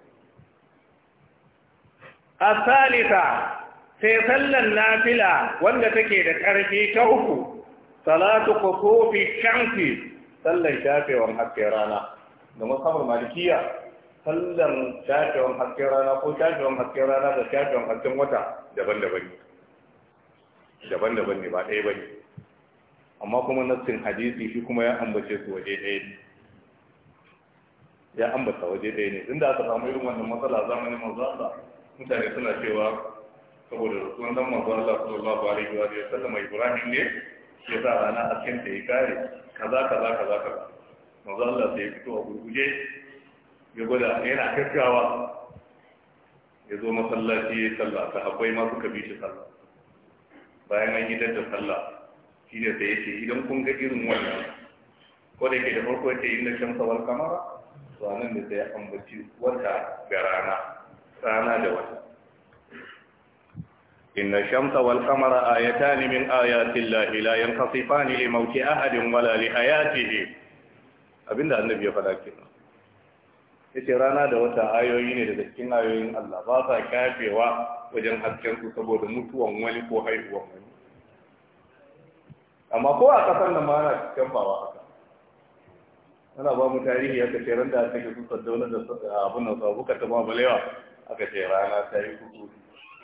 a salisa sai sallan nafila wanda take da ƙarfi ta uku salatu kusufi shamsi sallan shafewan hasken rana da musamman malikiya sallan shafewan hasken rana ko shafewan hasken rana da shafewan hasken wata daban-daban ne daban-daban ne ba ɗaya ba ne amma kuma nassin hadisi shi kuma ya ambace su waje ɗaya ne ya ambata waje ɗaya ne inda aka samu irin wannan matsala zamanin manzo Allah mutane suna cewa saboda rasuwan dan manzo Allah sallallahu alaihi wa sallam Ibrahim ne ya sa rana a cikin da ya kare kaza kaza kaza kaza manzo Allah sai ya fito a gurguje ya gwada yana gaggawa ya zo masallaci ya sallah ta akwai masu kabi shi sallah bayan an yi dadda sallah shi ne sai yace idan kun ga irin wannan ko da ke da farko ya ce inna shamsa wal qamara to anan ne sai ambaci wata da rana rana da wata shamsa إن الشمس والقمر آيتان من آيات الله لا ينخصفان Ahadin, أحد ولا لحياته abinda annabi ya faɗa kenan yace rana da wata ayoyi ne daga cikin ayoyin Allah ba sa kafewa wajen hasken su saboda mutuwan wani ko haihuwan wani amma ko a kasar nan ma ana canfawa haka ana ba mu tarihi aka ce ran da take su kusa daula da abin nan sabu ka tama balewa aka ce rana ta yi kuku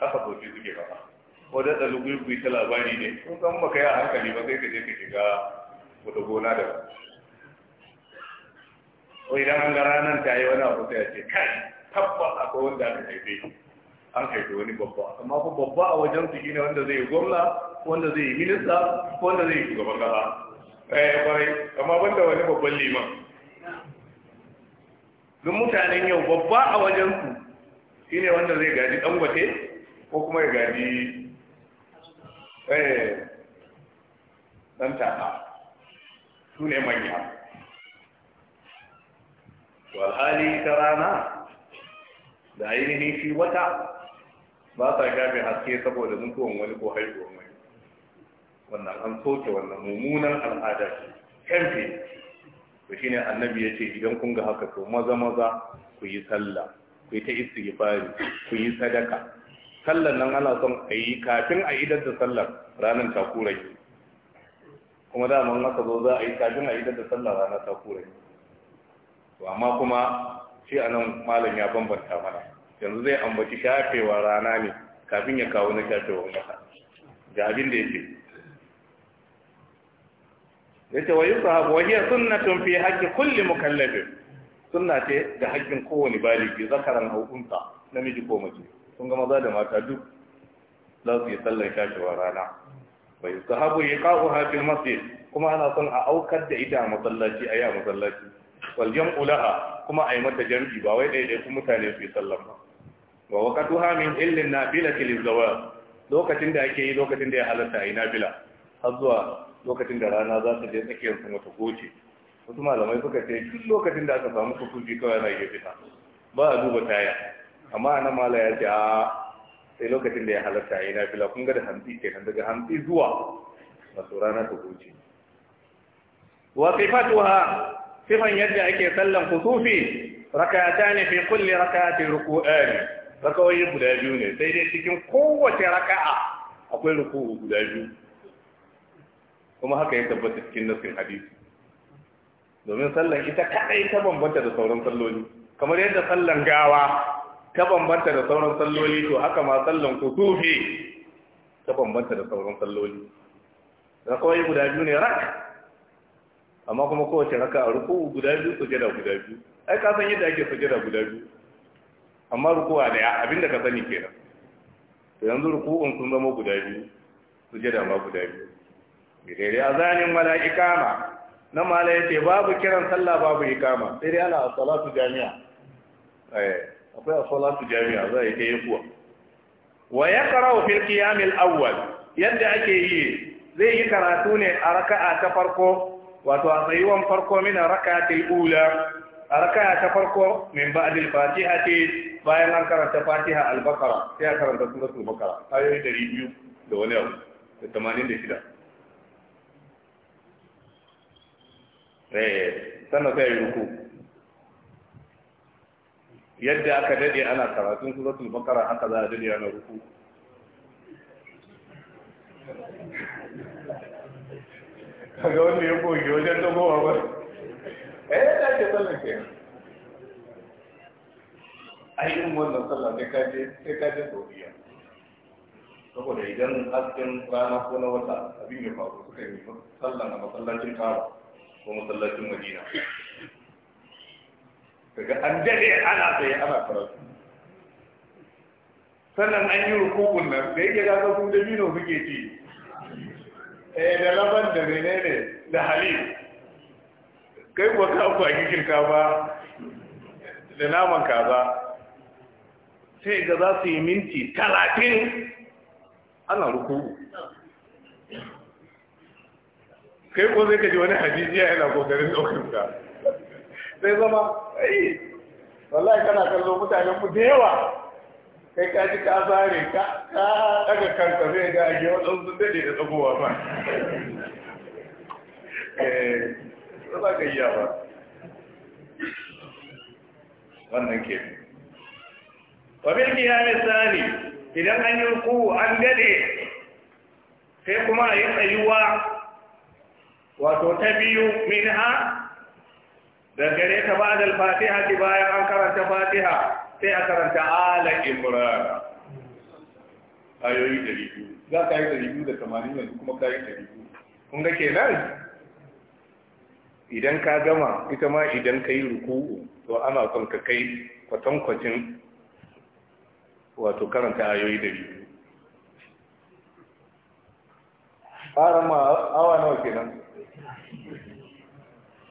haka sauki suke ba ko da da lugu ku ta labari ne ko kan ba yi a hankali ba sai ka je ka shiga wata gona da ba ko idan an ga ranar ta yi wani abu ta ce kai tabbas akwai wanda aka haife an haife wani babba amma ko babba a wajen su ne wanda zai gwamna wanda zai yi minista ko wanda zai yi shugaban kasa eh kwarai amma banda wani babban liman duk mutanen yau babba a wajen ku shine wanda zai gaji gote ko kuma ya gaji eh dan tata su ne manya walhali ta rana da ainihin shi wata ba sa gabe haske saboda mutuwan wani ko haihuwan mai. wannan an soke wannan mummunan al'ada ce kanfe to shine annabi ya ce idan kun ga haka to maza maza ku yi sallah ku yi ta istighfari ku yi sadaka sallan nan ana son a yi kafin a idar da sallar ranar takura ke. kuma da man haka zo za a yi kafin a idar da sallar ranar takura ke. to amma kuma shi anan malam ya bambanta mana yanzu zai ambaci shafewa rana ne kafin ya kawo na shafewa masa ga abin da yake yace wa yusahabu wa hiya sunnatun fi haqqi kulli mukallafin sunna ce ga haƙƙin kowane baligi zakaran aw namiji ko mace sun ga maza da mata duk za su yi sallar wa rana wa yusahabu iqa'uha fil masjid kuma ana son a aukar da ita a masallaci ayi a masallaci wal jam'u laha kuma ayi mata jam'i ba wai daidai kun mutane su yi sallar ba wa waqatuha min illin nafilati lizawaj lokacin da ake yi lokacin da ya halatta ayi nafila har zuwa lokacin da rana za ta je tsakiyar kuma ta goce wasu malamai suka ce duk lokacin da aka samu kusurci kawai na iya fita ba a duba taya amma ana mala ya ce a sai lokacin da ya halarta ya na fila kun ga da hamsi nan daga hamsi zuwa masu rana ta goce wa fatuwa sifan yadda ake sallan kusufi ne fi kulli raka'ati ruku'ani rakawai guda biyu ne sai dai cikin kowace raka'a akwai ruku'u guda biyu kuma haka ya tabbata cikin nasin hadisi domin sallan ita kadai ta bambanta da sauran salloli kamar yadda sallan gawa ta bambanta da sauran salloli to haka ma sallan kusufi ta bambanta da sauran salloli rakawai guda biyu ne rak amma kuma kowace raka a ruku guda biyu sujada guda biyu ai ka san yadda ake sujada guda biyu amma rukuwa abin abinda ka sani kenan to yanzu rukuwan sun zama guda biyu sujada ma guda biyu a azanin wala ikama na mala ce babu kiran sallah babu ikama sai dai ana salatu jami'a eh akwai salatu jami'a za a yi kai kuwa wa yaqra'u fil qiyam al awwal yadda ake yi zai yi karatu ne a raka'a ta farko wato a tsayuwan farko min yi ula a raka'a ta farko min ba'd al fatihati bayan an karanta fatiha al baqara sai a karanta suratul baqara ayoyi 200 da wani abu da 86 eh sannan sai yi ruku yadda aka dade ana karatun suratul bakara haka za a dade ana ruku ga wanda ya koyi wajen dagowa ba eh ta ke sallan ke ai in wannan sallar ne kaje? sai kaje je saboda idan hasken rana ko na wata abin ya faru suka yi sallan a masallacin kawo ko masallacin madina daga an dade ana sai ana karatu sannan an yi rukukun nan da yake gasa sun da bino suke ci eh da laban da menene da halil kai kuwa ka kwaki ba, da naman kaza sai ga za su yi minti talatin ana rukuku kai ko zai kaji wani ya yana kokarin daukar ka sai zama ai wallahi kana kallo mutanen mu da yawa kai ka ji ka zare ka ka daga kanka zai ga age wadansu sun dade da tsagowa ba eh ba ga iya ba wannan ke bil qiyam sani idan an yi ku an dade sai kuma a yi tsayuwa wato ta biyu minha da gare ta ba da fatiha ki bayan an karanta fatiha sai a karanta ala imran ayoyi da biyu za ka yi da biyu da tamanin yanzu kuma ka yi da biyu kun ga kenan idan ka gama ita ma idan ka yi ruku'u to ana son ka kai kwatankwacin wato karanta ayoyi da biyu fara ma awa nawa kenan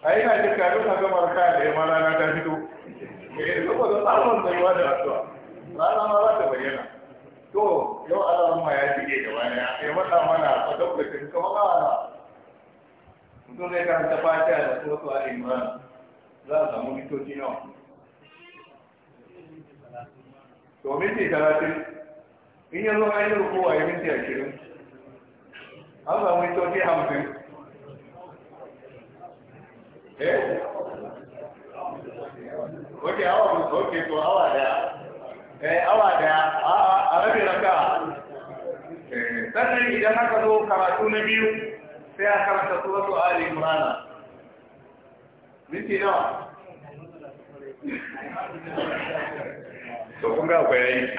a yana jin kafin na gama raka da yamma rana ta fito eh saboda tsarin tsayuwa da addu'a rana ma za ta bayyana to yau alamma ya shige da wani ya mana a tabbacin kama ana so zai karanta fatiha da sosu a imran za a samu mitoci nawa to minti talatin in yanzu hamsin eh oke awa oke to awa daya eh awa daya a a rabi raka eh sannan idan aka zo karatu na biyu sai a karanta suratu ali imran minti nawa to kun ga bayani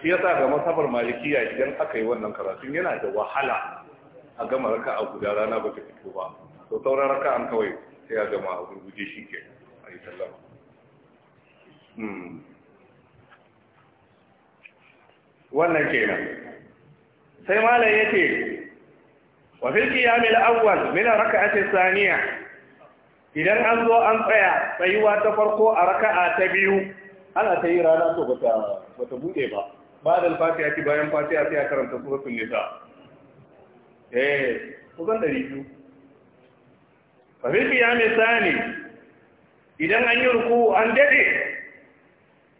shi yasa ga masabar malikiya idan aka yi wannan karatun yana da wahala a gama raka a guda rana ba ta fito ba to sauran raka an kawai sai ya gama a gurguje shi ke a yi sallama hmm. wannan kenan sai malam ya ce wa mila qiyamil mila raka a saniya idan an zo an tsaya tsayuwa ta farko a raka'a ta biyu ana ta yi rana to bata ta buɗe ba ba da alfafiya ki bayan fafiya sai a karanta suratul nisa eh kusan 200 fahimci ya misali idan an yi ruku an daɗe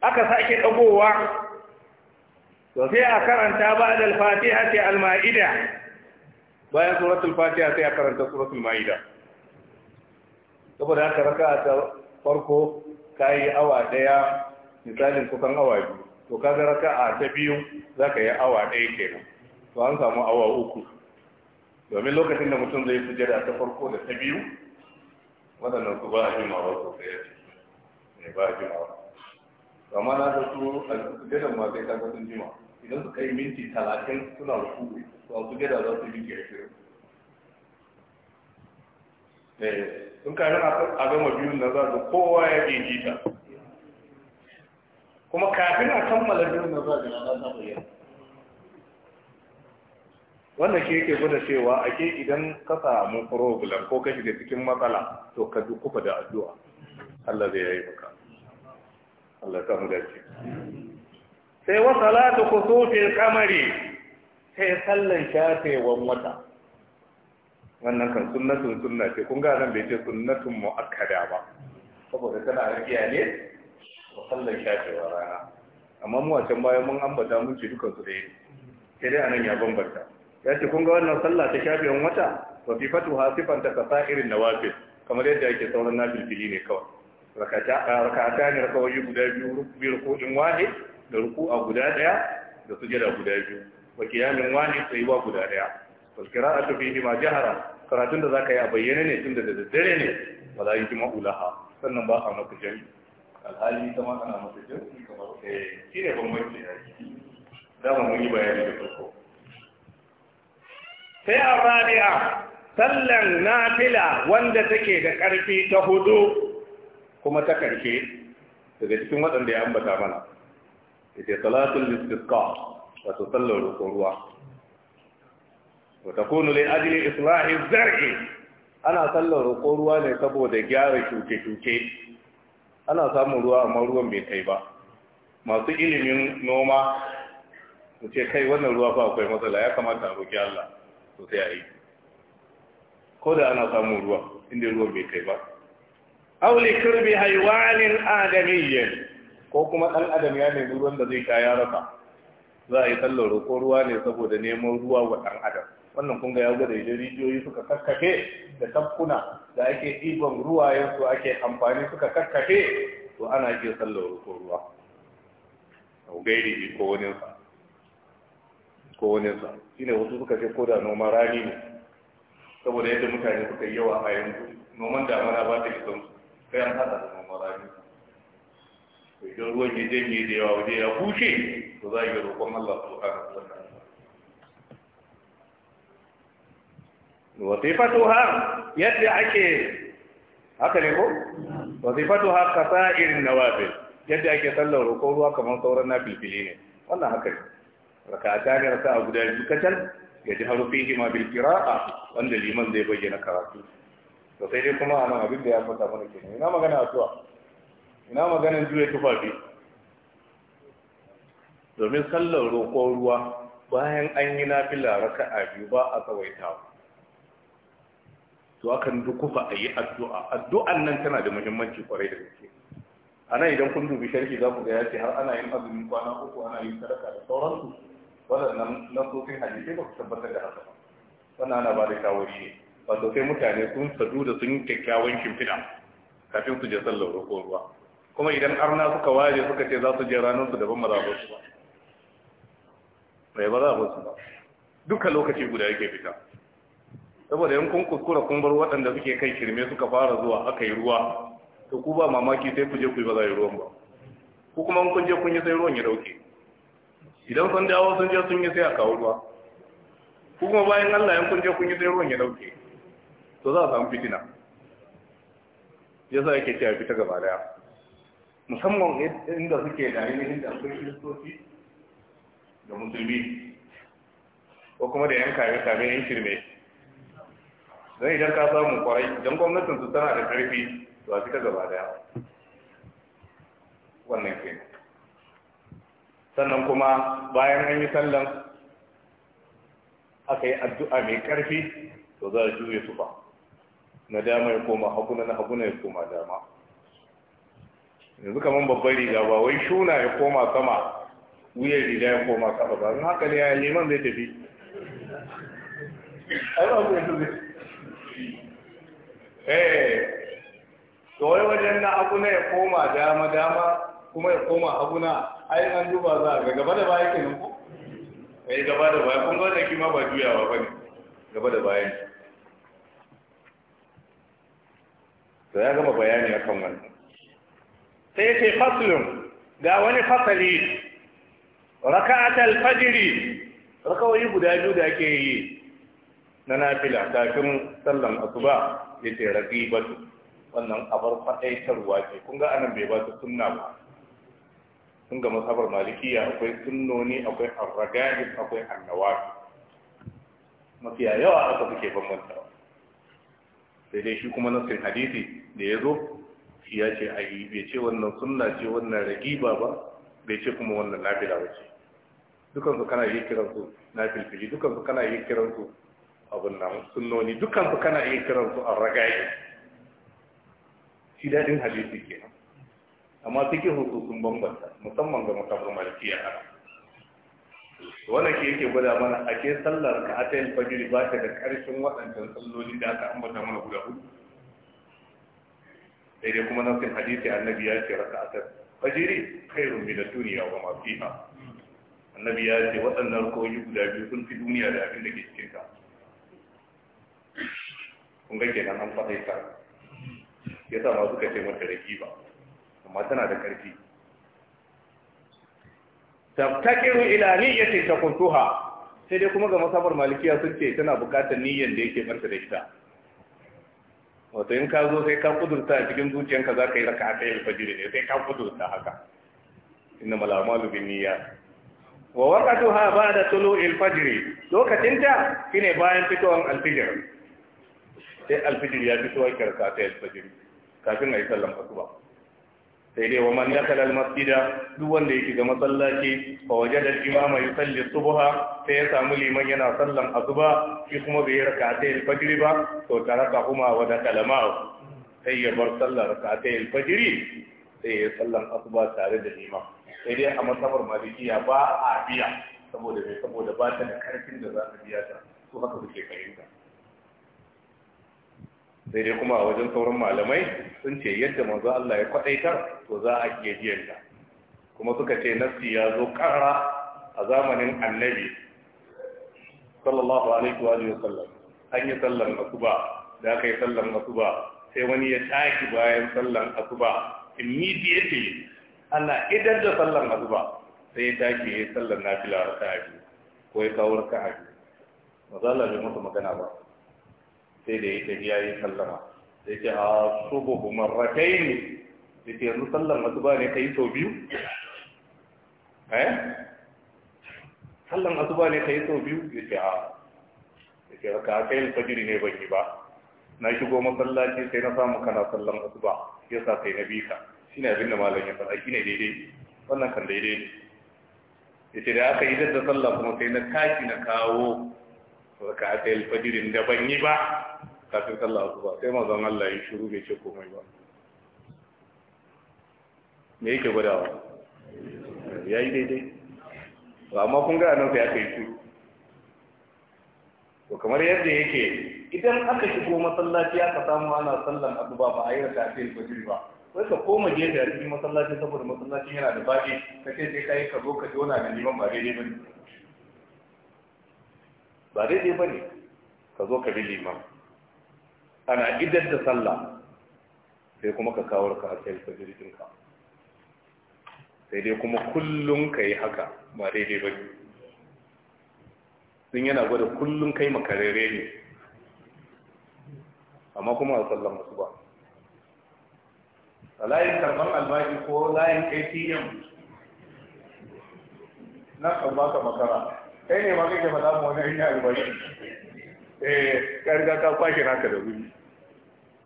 aka sake ɗagowa to sai a karanta ba da alfati sai alma'ida. maida bayan suratul fatiha sai a karanta suratul ma'ida saboda haka raka ta farko ka yi awa daya misalin kusan awa biyu to kaga a ta biyu za ka yi awa daya kenan to an samu awa uku domin lokacin da mutum zai sujada ta farko da ta biyu waɗannan su ba a jimawa sosai ya ce eh, ba a jimawa amma na da su a sujadan ma sai kaga sun jima idan su kai minti talatin suna ruku to a sujada za su yi minti ne sun na a gama biyun na za su kowa ya ke jita kuma kafin a kammala biyun na za su yana na bayyana wannan shi yake gwada cewa ake idan ka samu problem ko ka shiga cikin matsala to ka duk kufa da addu'a Allah zai yayi maka Allah ta samu dace sai wa salatu al qamari sai sallan shafewan wata wannan kan sunnatun sunna ce kun ga nan bai ce sunnatun muakkada ba saboda tana rakiya ne wa sallan shafewan rana amma mu a can bayan mun ambata mun ce dukan da dai sai dai anan ya bambanta ya ce kun ga wannan sallah ta shafiyan wata wa fi fatu ta sifanta ka sa'irin wafe kamar yadda yake sauran na nafilfili ne kawai rakata ne wajen guda biyu bi ruku'in wahid da ruku'a guda daya da jira guda biyu wa su yi wa guda daya kira a tafi hima jihara karatun da za ka yi a bayyane ne tun da daddare ne Ba za yi yajma'u laha sannan ba a maka jami alhali ta ma ana maka jami kamar eh shine bambanci da dama mun yi bayani da farko sai a rabi'a sallan nafila wanda take da ƙarfi ta hudu kuma ta ƙarshe daga cikin waɗanda ya ambata mana ita salatul istisqa wato sallar roƙon ruwa wa takunu li ajli islahi zar'i ana sallar roƙon ruwa ne saboda gyara shuke-shuke ana samun ruwa amma ruwan bai kai ba masu ilimin noma mu ce kai wannan ruwa fa akwai matsala ya kamata a roki Allah to sai a yi ko da ana samun ruwa inda ruwan bai kai ba auli kirbi haiwanin adamiyyin ko kuma ɗan adam ya nemi ruwan da zai sha ya rasa za a yi sallar roƙo ruwa ne saboda neman ruwa wa ɗan adam wannan kun ya gwada idan rijiyoyi suka kakkafe da tafkuna da ake ɗiban ruwayensu ake amfani suka kakkafe to ana ke sallar roƙo ruwa gairi ko wani sa ko wani sa ne wasu suka ce ko da noman rani ne saboda yadda mutane suka yi yawa a yanzu noman damana ba ta isan su sai an hada da noman rani idan ruwan ya janye da yawa waje ya bushe to za a yi roƙon Allah subhanahu wa ta'ala ha yadda ake haka ne ko ha wasifatuha irin nawafil yadda ake sallar roƙon ruwa kamar sauran na nafilfili ne wannan haka ne rakata ne raka guda biyu kacal ya ji harufi hima bil kira'a wanda liman zai bayyana karatu to sai dai kuma anan abin da ya fata mana kenan ina magana addu'a ina maganan juya tufafi domin sallar roƙon ruwa bayan an yi nafila raka'a biyu ba a tsawaitawa to akan dukufa a yi addu'a addu'an nan tana da muhimmanci kwarai da gaske ana idan kun dubi sharhi za ku ga ya ce har ana yin azumin kwana uku ana yin sadaka da sauransu waɗannan nasofin hadisi ba su tabbatar da haka ba wannan ana ba da kawo shi wato sai mutane sun sadu da sun kyakkyawan shimfiɗa kafin su je sallar roƙo ruwa kuma idan arna suka waje suka ce za su je ranar su daban mazabar su ba mai mazabar su ba duka lokaci guda yake fita saboda yan kun kuskura kun bar waɗanda suke kai shirme suka fara zuwa aka yi ruwa to ku ba mamaki sai ku je ku yi ba za yi ruwan ba ku kuma kun je kun yi sai ruwan ya dauke idan sun dawo sun je sun yi sai a kawo ruwa ku kuma bayan Allah yan kun je kun yi sai ruwan ya dauke to za a samu fitina yasa yake cewa fita gaba daya musamman inda suke da ainihin inda akwai kiristoci da musulmi ko kuma da yan kame kame yan shirme don idan ka samu kwarai don gwamnatin su tana da karfi to a fita gaba daya wannan kenan sannan kuma bayan an yi sallan aka yi addu'a mai ƙarfi to za a juye su ba na dama ya koma haguna na haguna ya koma dama yanzu kamar babbar riga ba wai shuna ya koma sama wuyan riga ya koma sama ba don haka ne ya neman zai tafi eh to wai wajen na abu na ya koma dama dama kuma ya koma abuna ai an duba za a ga gaba da baya kenan ko eh gaba da baya kun ga wannan kima ba juyawa bane gaba da baya to ya gama bayani akan wannan sai ce faslun ga wani fasali raka'atul fajr rakawai guda biyu da ake yi na nafila kafin sallan asuba yace raqibatu wannan abar faɗaitarwa ce kun ga anan bai ba su sunna ba sun ga mazhabar malikiya akwai sunnoni akwai arraga'ib akwai annawafi mafiya yawa aka suke bambanta sai dai shi kuma nasin hadisi da ya zo shi ya ce ayi bai ce wannan sunna ce wannan ragiba ba bai ce kuma wannan nafila ba ce dukansu kana yi kiransu nafil fili dukansu kana yi kiransu abin nan sunnoni dukansu kana yi kiransu arraga'ib shi daɗin hadisi kenan amma suke su bambanta musamman ga makabar malikiya wanda ke yake gwada mana a ke sallar ka a yin fajiri ba ta da ƙarshen waɗancan salloli da aka ambata mana guda hudu daidai kuma nasin hadisi annabi ya ce raka ta fajiri kai rumbi da duniya wa masu fiha annabi ya ce waɗannan rukoyi guda biyu sun fi duniya da abin da ke cikin ka, kun ga kenan an faɗaita yasa ma suka ce mata da ba amma tana da ƙarfi tabtakiru ila niyyati takuntuha sai dai kuma ga masabar malikiya sun ce tana buƙatar niyyar da yake marta da ita wato in ka zo sai ka kudurta a cikin zuciyanka za ka yi raka ta fajiri ne sai ka kudurta haka inna malama bin niyya wa ba da tulu alfajr lokacin ta shine bayan fitowar alfijir sai alfijir ya fito a kirka ta fajiri, kafin yi sallan asuba sai dai wa man dakala masjida duk wanda ya ga masallaci fa wajada al-imama yusalli subha sai ya samu liman yana sallan asuba, shi kuma bai yi al-fajr ba to taraka huma wa dakala sai ya bar sallar rak'atay al-fajr sai ya sallan azuba tare da liman sai dai a masabar ya ba a biya saboda saboda ba ta da karfin da za ta biya ta to haka suke fahimta sai dai kuma a wajen sauran malamai sun ce yadda manzo Allah ya kwadaitar to za a iya jiyarta kuma suka ce nafsi ya zo ƙara a zamanin annabi sallallahu alaihi wa sallam an yi sallan asuba da aka yi sallan asuba sai wani ya taki bayan sallan asuba immediately ana idan da sallan asuba sai ya taki ya sallan nafila raka'a ko ya kawo raka'a maza Allah bai masa magana ba sai da ya tafi ya yi sallama sai ce a subuhu marrakai ne da ke yanzu sallan asuba ne ka yi sau biyu eh sallan asuba ne ka yi sau biyu ya ce a ya ce ka yin fajiri ne ban yi ba na shigo masallaci sai na samu kana sallan asuba ya sa sai na bika shine abin da malam ya faɗa ne daidai wannan kan daidai ne Ya ce da aka yi da sallah kuma sai na tashi na kawo raka ta alfajirin da ban yi ba kafin sallah ba sai mazan Allah ya shiru bai ce komai ba me yake gudawa ya yi daidai ba amma kun ga nan sai aka yi shiru to kamar yadda yake idan aka shigo masallaci aka samu ana sallan asuba ba a yi raka ta alfajiri ba sai ka koma je da cikin masallaci saboda masallaci yana da baki ka ce sai ka yi ka zo ka jona da liman ba daidai ba ne ba daidai ba ne ka zo ka bi liman ana idar da sallah sai kuma ka kawar ka asali ka jirgin ka sai dai kuma kullum ka yi haka ba daidai ba ne sun yana gwada kullum kai makarere ne amma kuma a sallan masu ba a layin karban albashi ko layin atm na kan baka makara kai ne ma kake faɗa mu wani hanya albashi eh ka riga ka kwashe naka da wuri.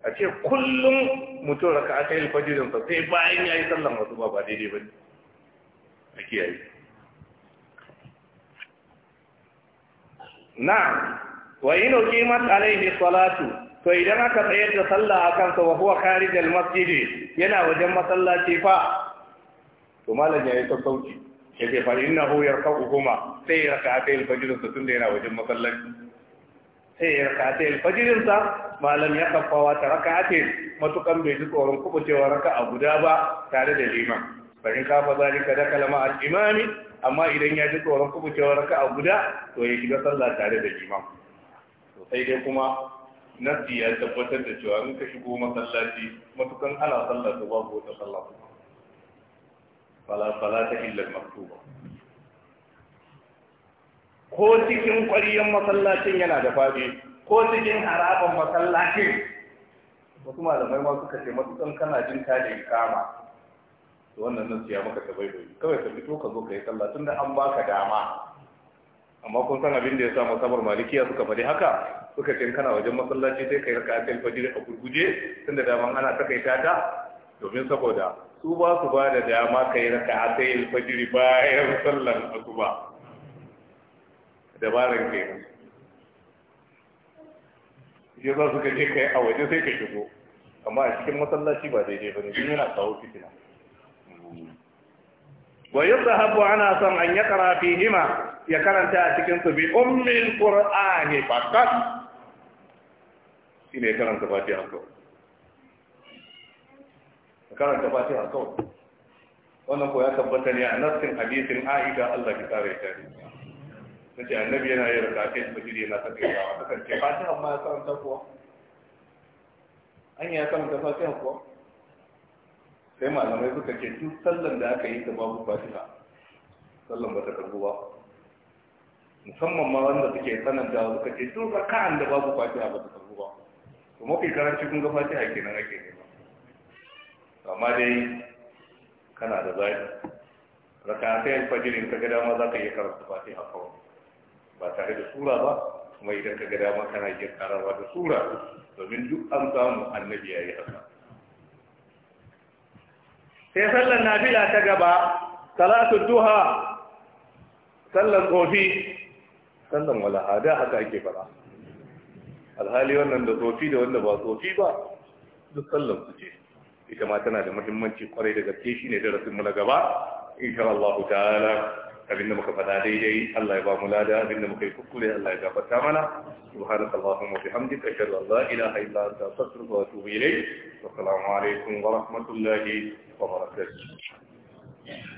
a ce kullum mutum raka a kai fajirin sa sai bayan ya yi sallan wasu ba ba daidai ba ne a kiyaye na wa ino kimat alaihi salatu to idan aka tsayar da sallah a kansa wa huwa kharijal masjidi yana wajen masallaci fa to malam ya yi sassauci yace fa innahu yarka'uhuma sai ya raka ta alfajr sa tunda yana wajen masallaci sai ya raka ta alfajr malam ya kafa wa taraka'ati matukan bai ji tsoron kubucewa a guda ba tare da liman bari in ka fa zalika da kalama al-imami amma idan ya ji tsoron kubucewa a guda to ya shiga sallah tare da liman to sai dai kuma nasi ya tabbatar da cewa in ka shigo masallaci matukan ana sallah to babu wata sallah fala salata illa al-maktuba ko cikin ƙwariyar masallacin yana da faɗi ko cikin harabar masallacin wasu malamai ma suka ce matukan kana jin ka da ikama to wannan nan siya maka tabai bai kawai ka fito ka zo ka yi sallah tunda an baka dama amma kun san abin da ya sa masabar malikiya suka faɗi haka suka ce kana wajen masallaci sai kai raka alfajiri a gurguje tunda daman ana takaita ta domin saboda su ba su ba da dama ka yi raka a sai alfajiri bayan sallar asuba dabaran ke yi shi za su kaje kai a waje sai ka shigo amma a cikin masallaci ba daidai ba ne shi yana kawo fitina wa yusahabu ana son an fi nima ya karanta a cikin su bi ummil qur'ani faqat shi ne karanta fi hankali karanta fatiha kawai wannan ko ya tabbata ne a nassin hadisin Aisha Allah ki kare ta ne ce annabi yana yin rakatai da bidiri yana saka yawa kakan ce fatiha ma ya karanta kuwa an ya karanta fatiha kuwa sai malamai suka ce duk sallan da aka yi ta babu fatiha sallan ba ta karbu ba musamman ma wanda suke tsananta suka ce duk raka'an da babu fatiha ba ta karbu ba kuma kai karanci kun ga fatiha kenan ake nema amma dai kana da zai raka ta yin fajirin ka ga dama za ka iya sai fatiha wani ba tare da sura ba kuma idan ka ga dama kana iya karawa da sura domin duk an samu annabi ya yi haka sai sallan nafila ta gaba salatu duha sallan kofi sallan hada haka ake fara alhali wannan da tsofi da wanda ba tsofi ba duk sallan su ce ita ma tana da muhimmanci kwarai da gaske shine darasin mu na gaba insha Allah ta'ala abinda muka faɗa daidai Allah ya ba mu lada abinda muka yi kukkule Allah ya gafarta mana subhanakallahumma wa bihamdika ashhadu an la ilaha illa anta astaghfiruka wa atubu ilayk wa assalamu alaikum wa rahmatullahi wa barakatuh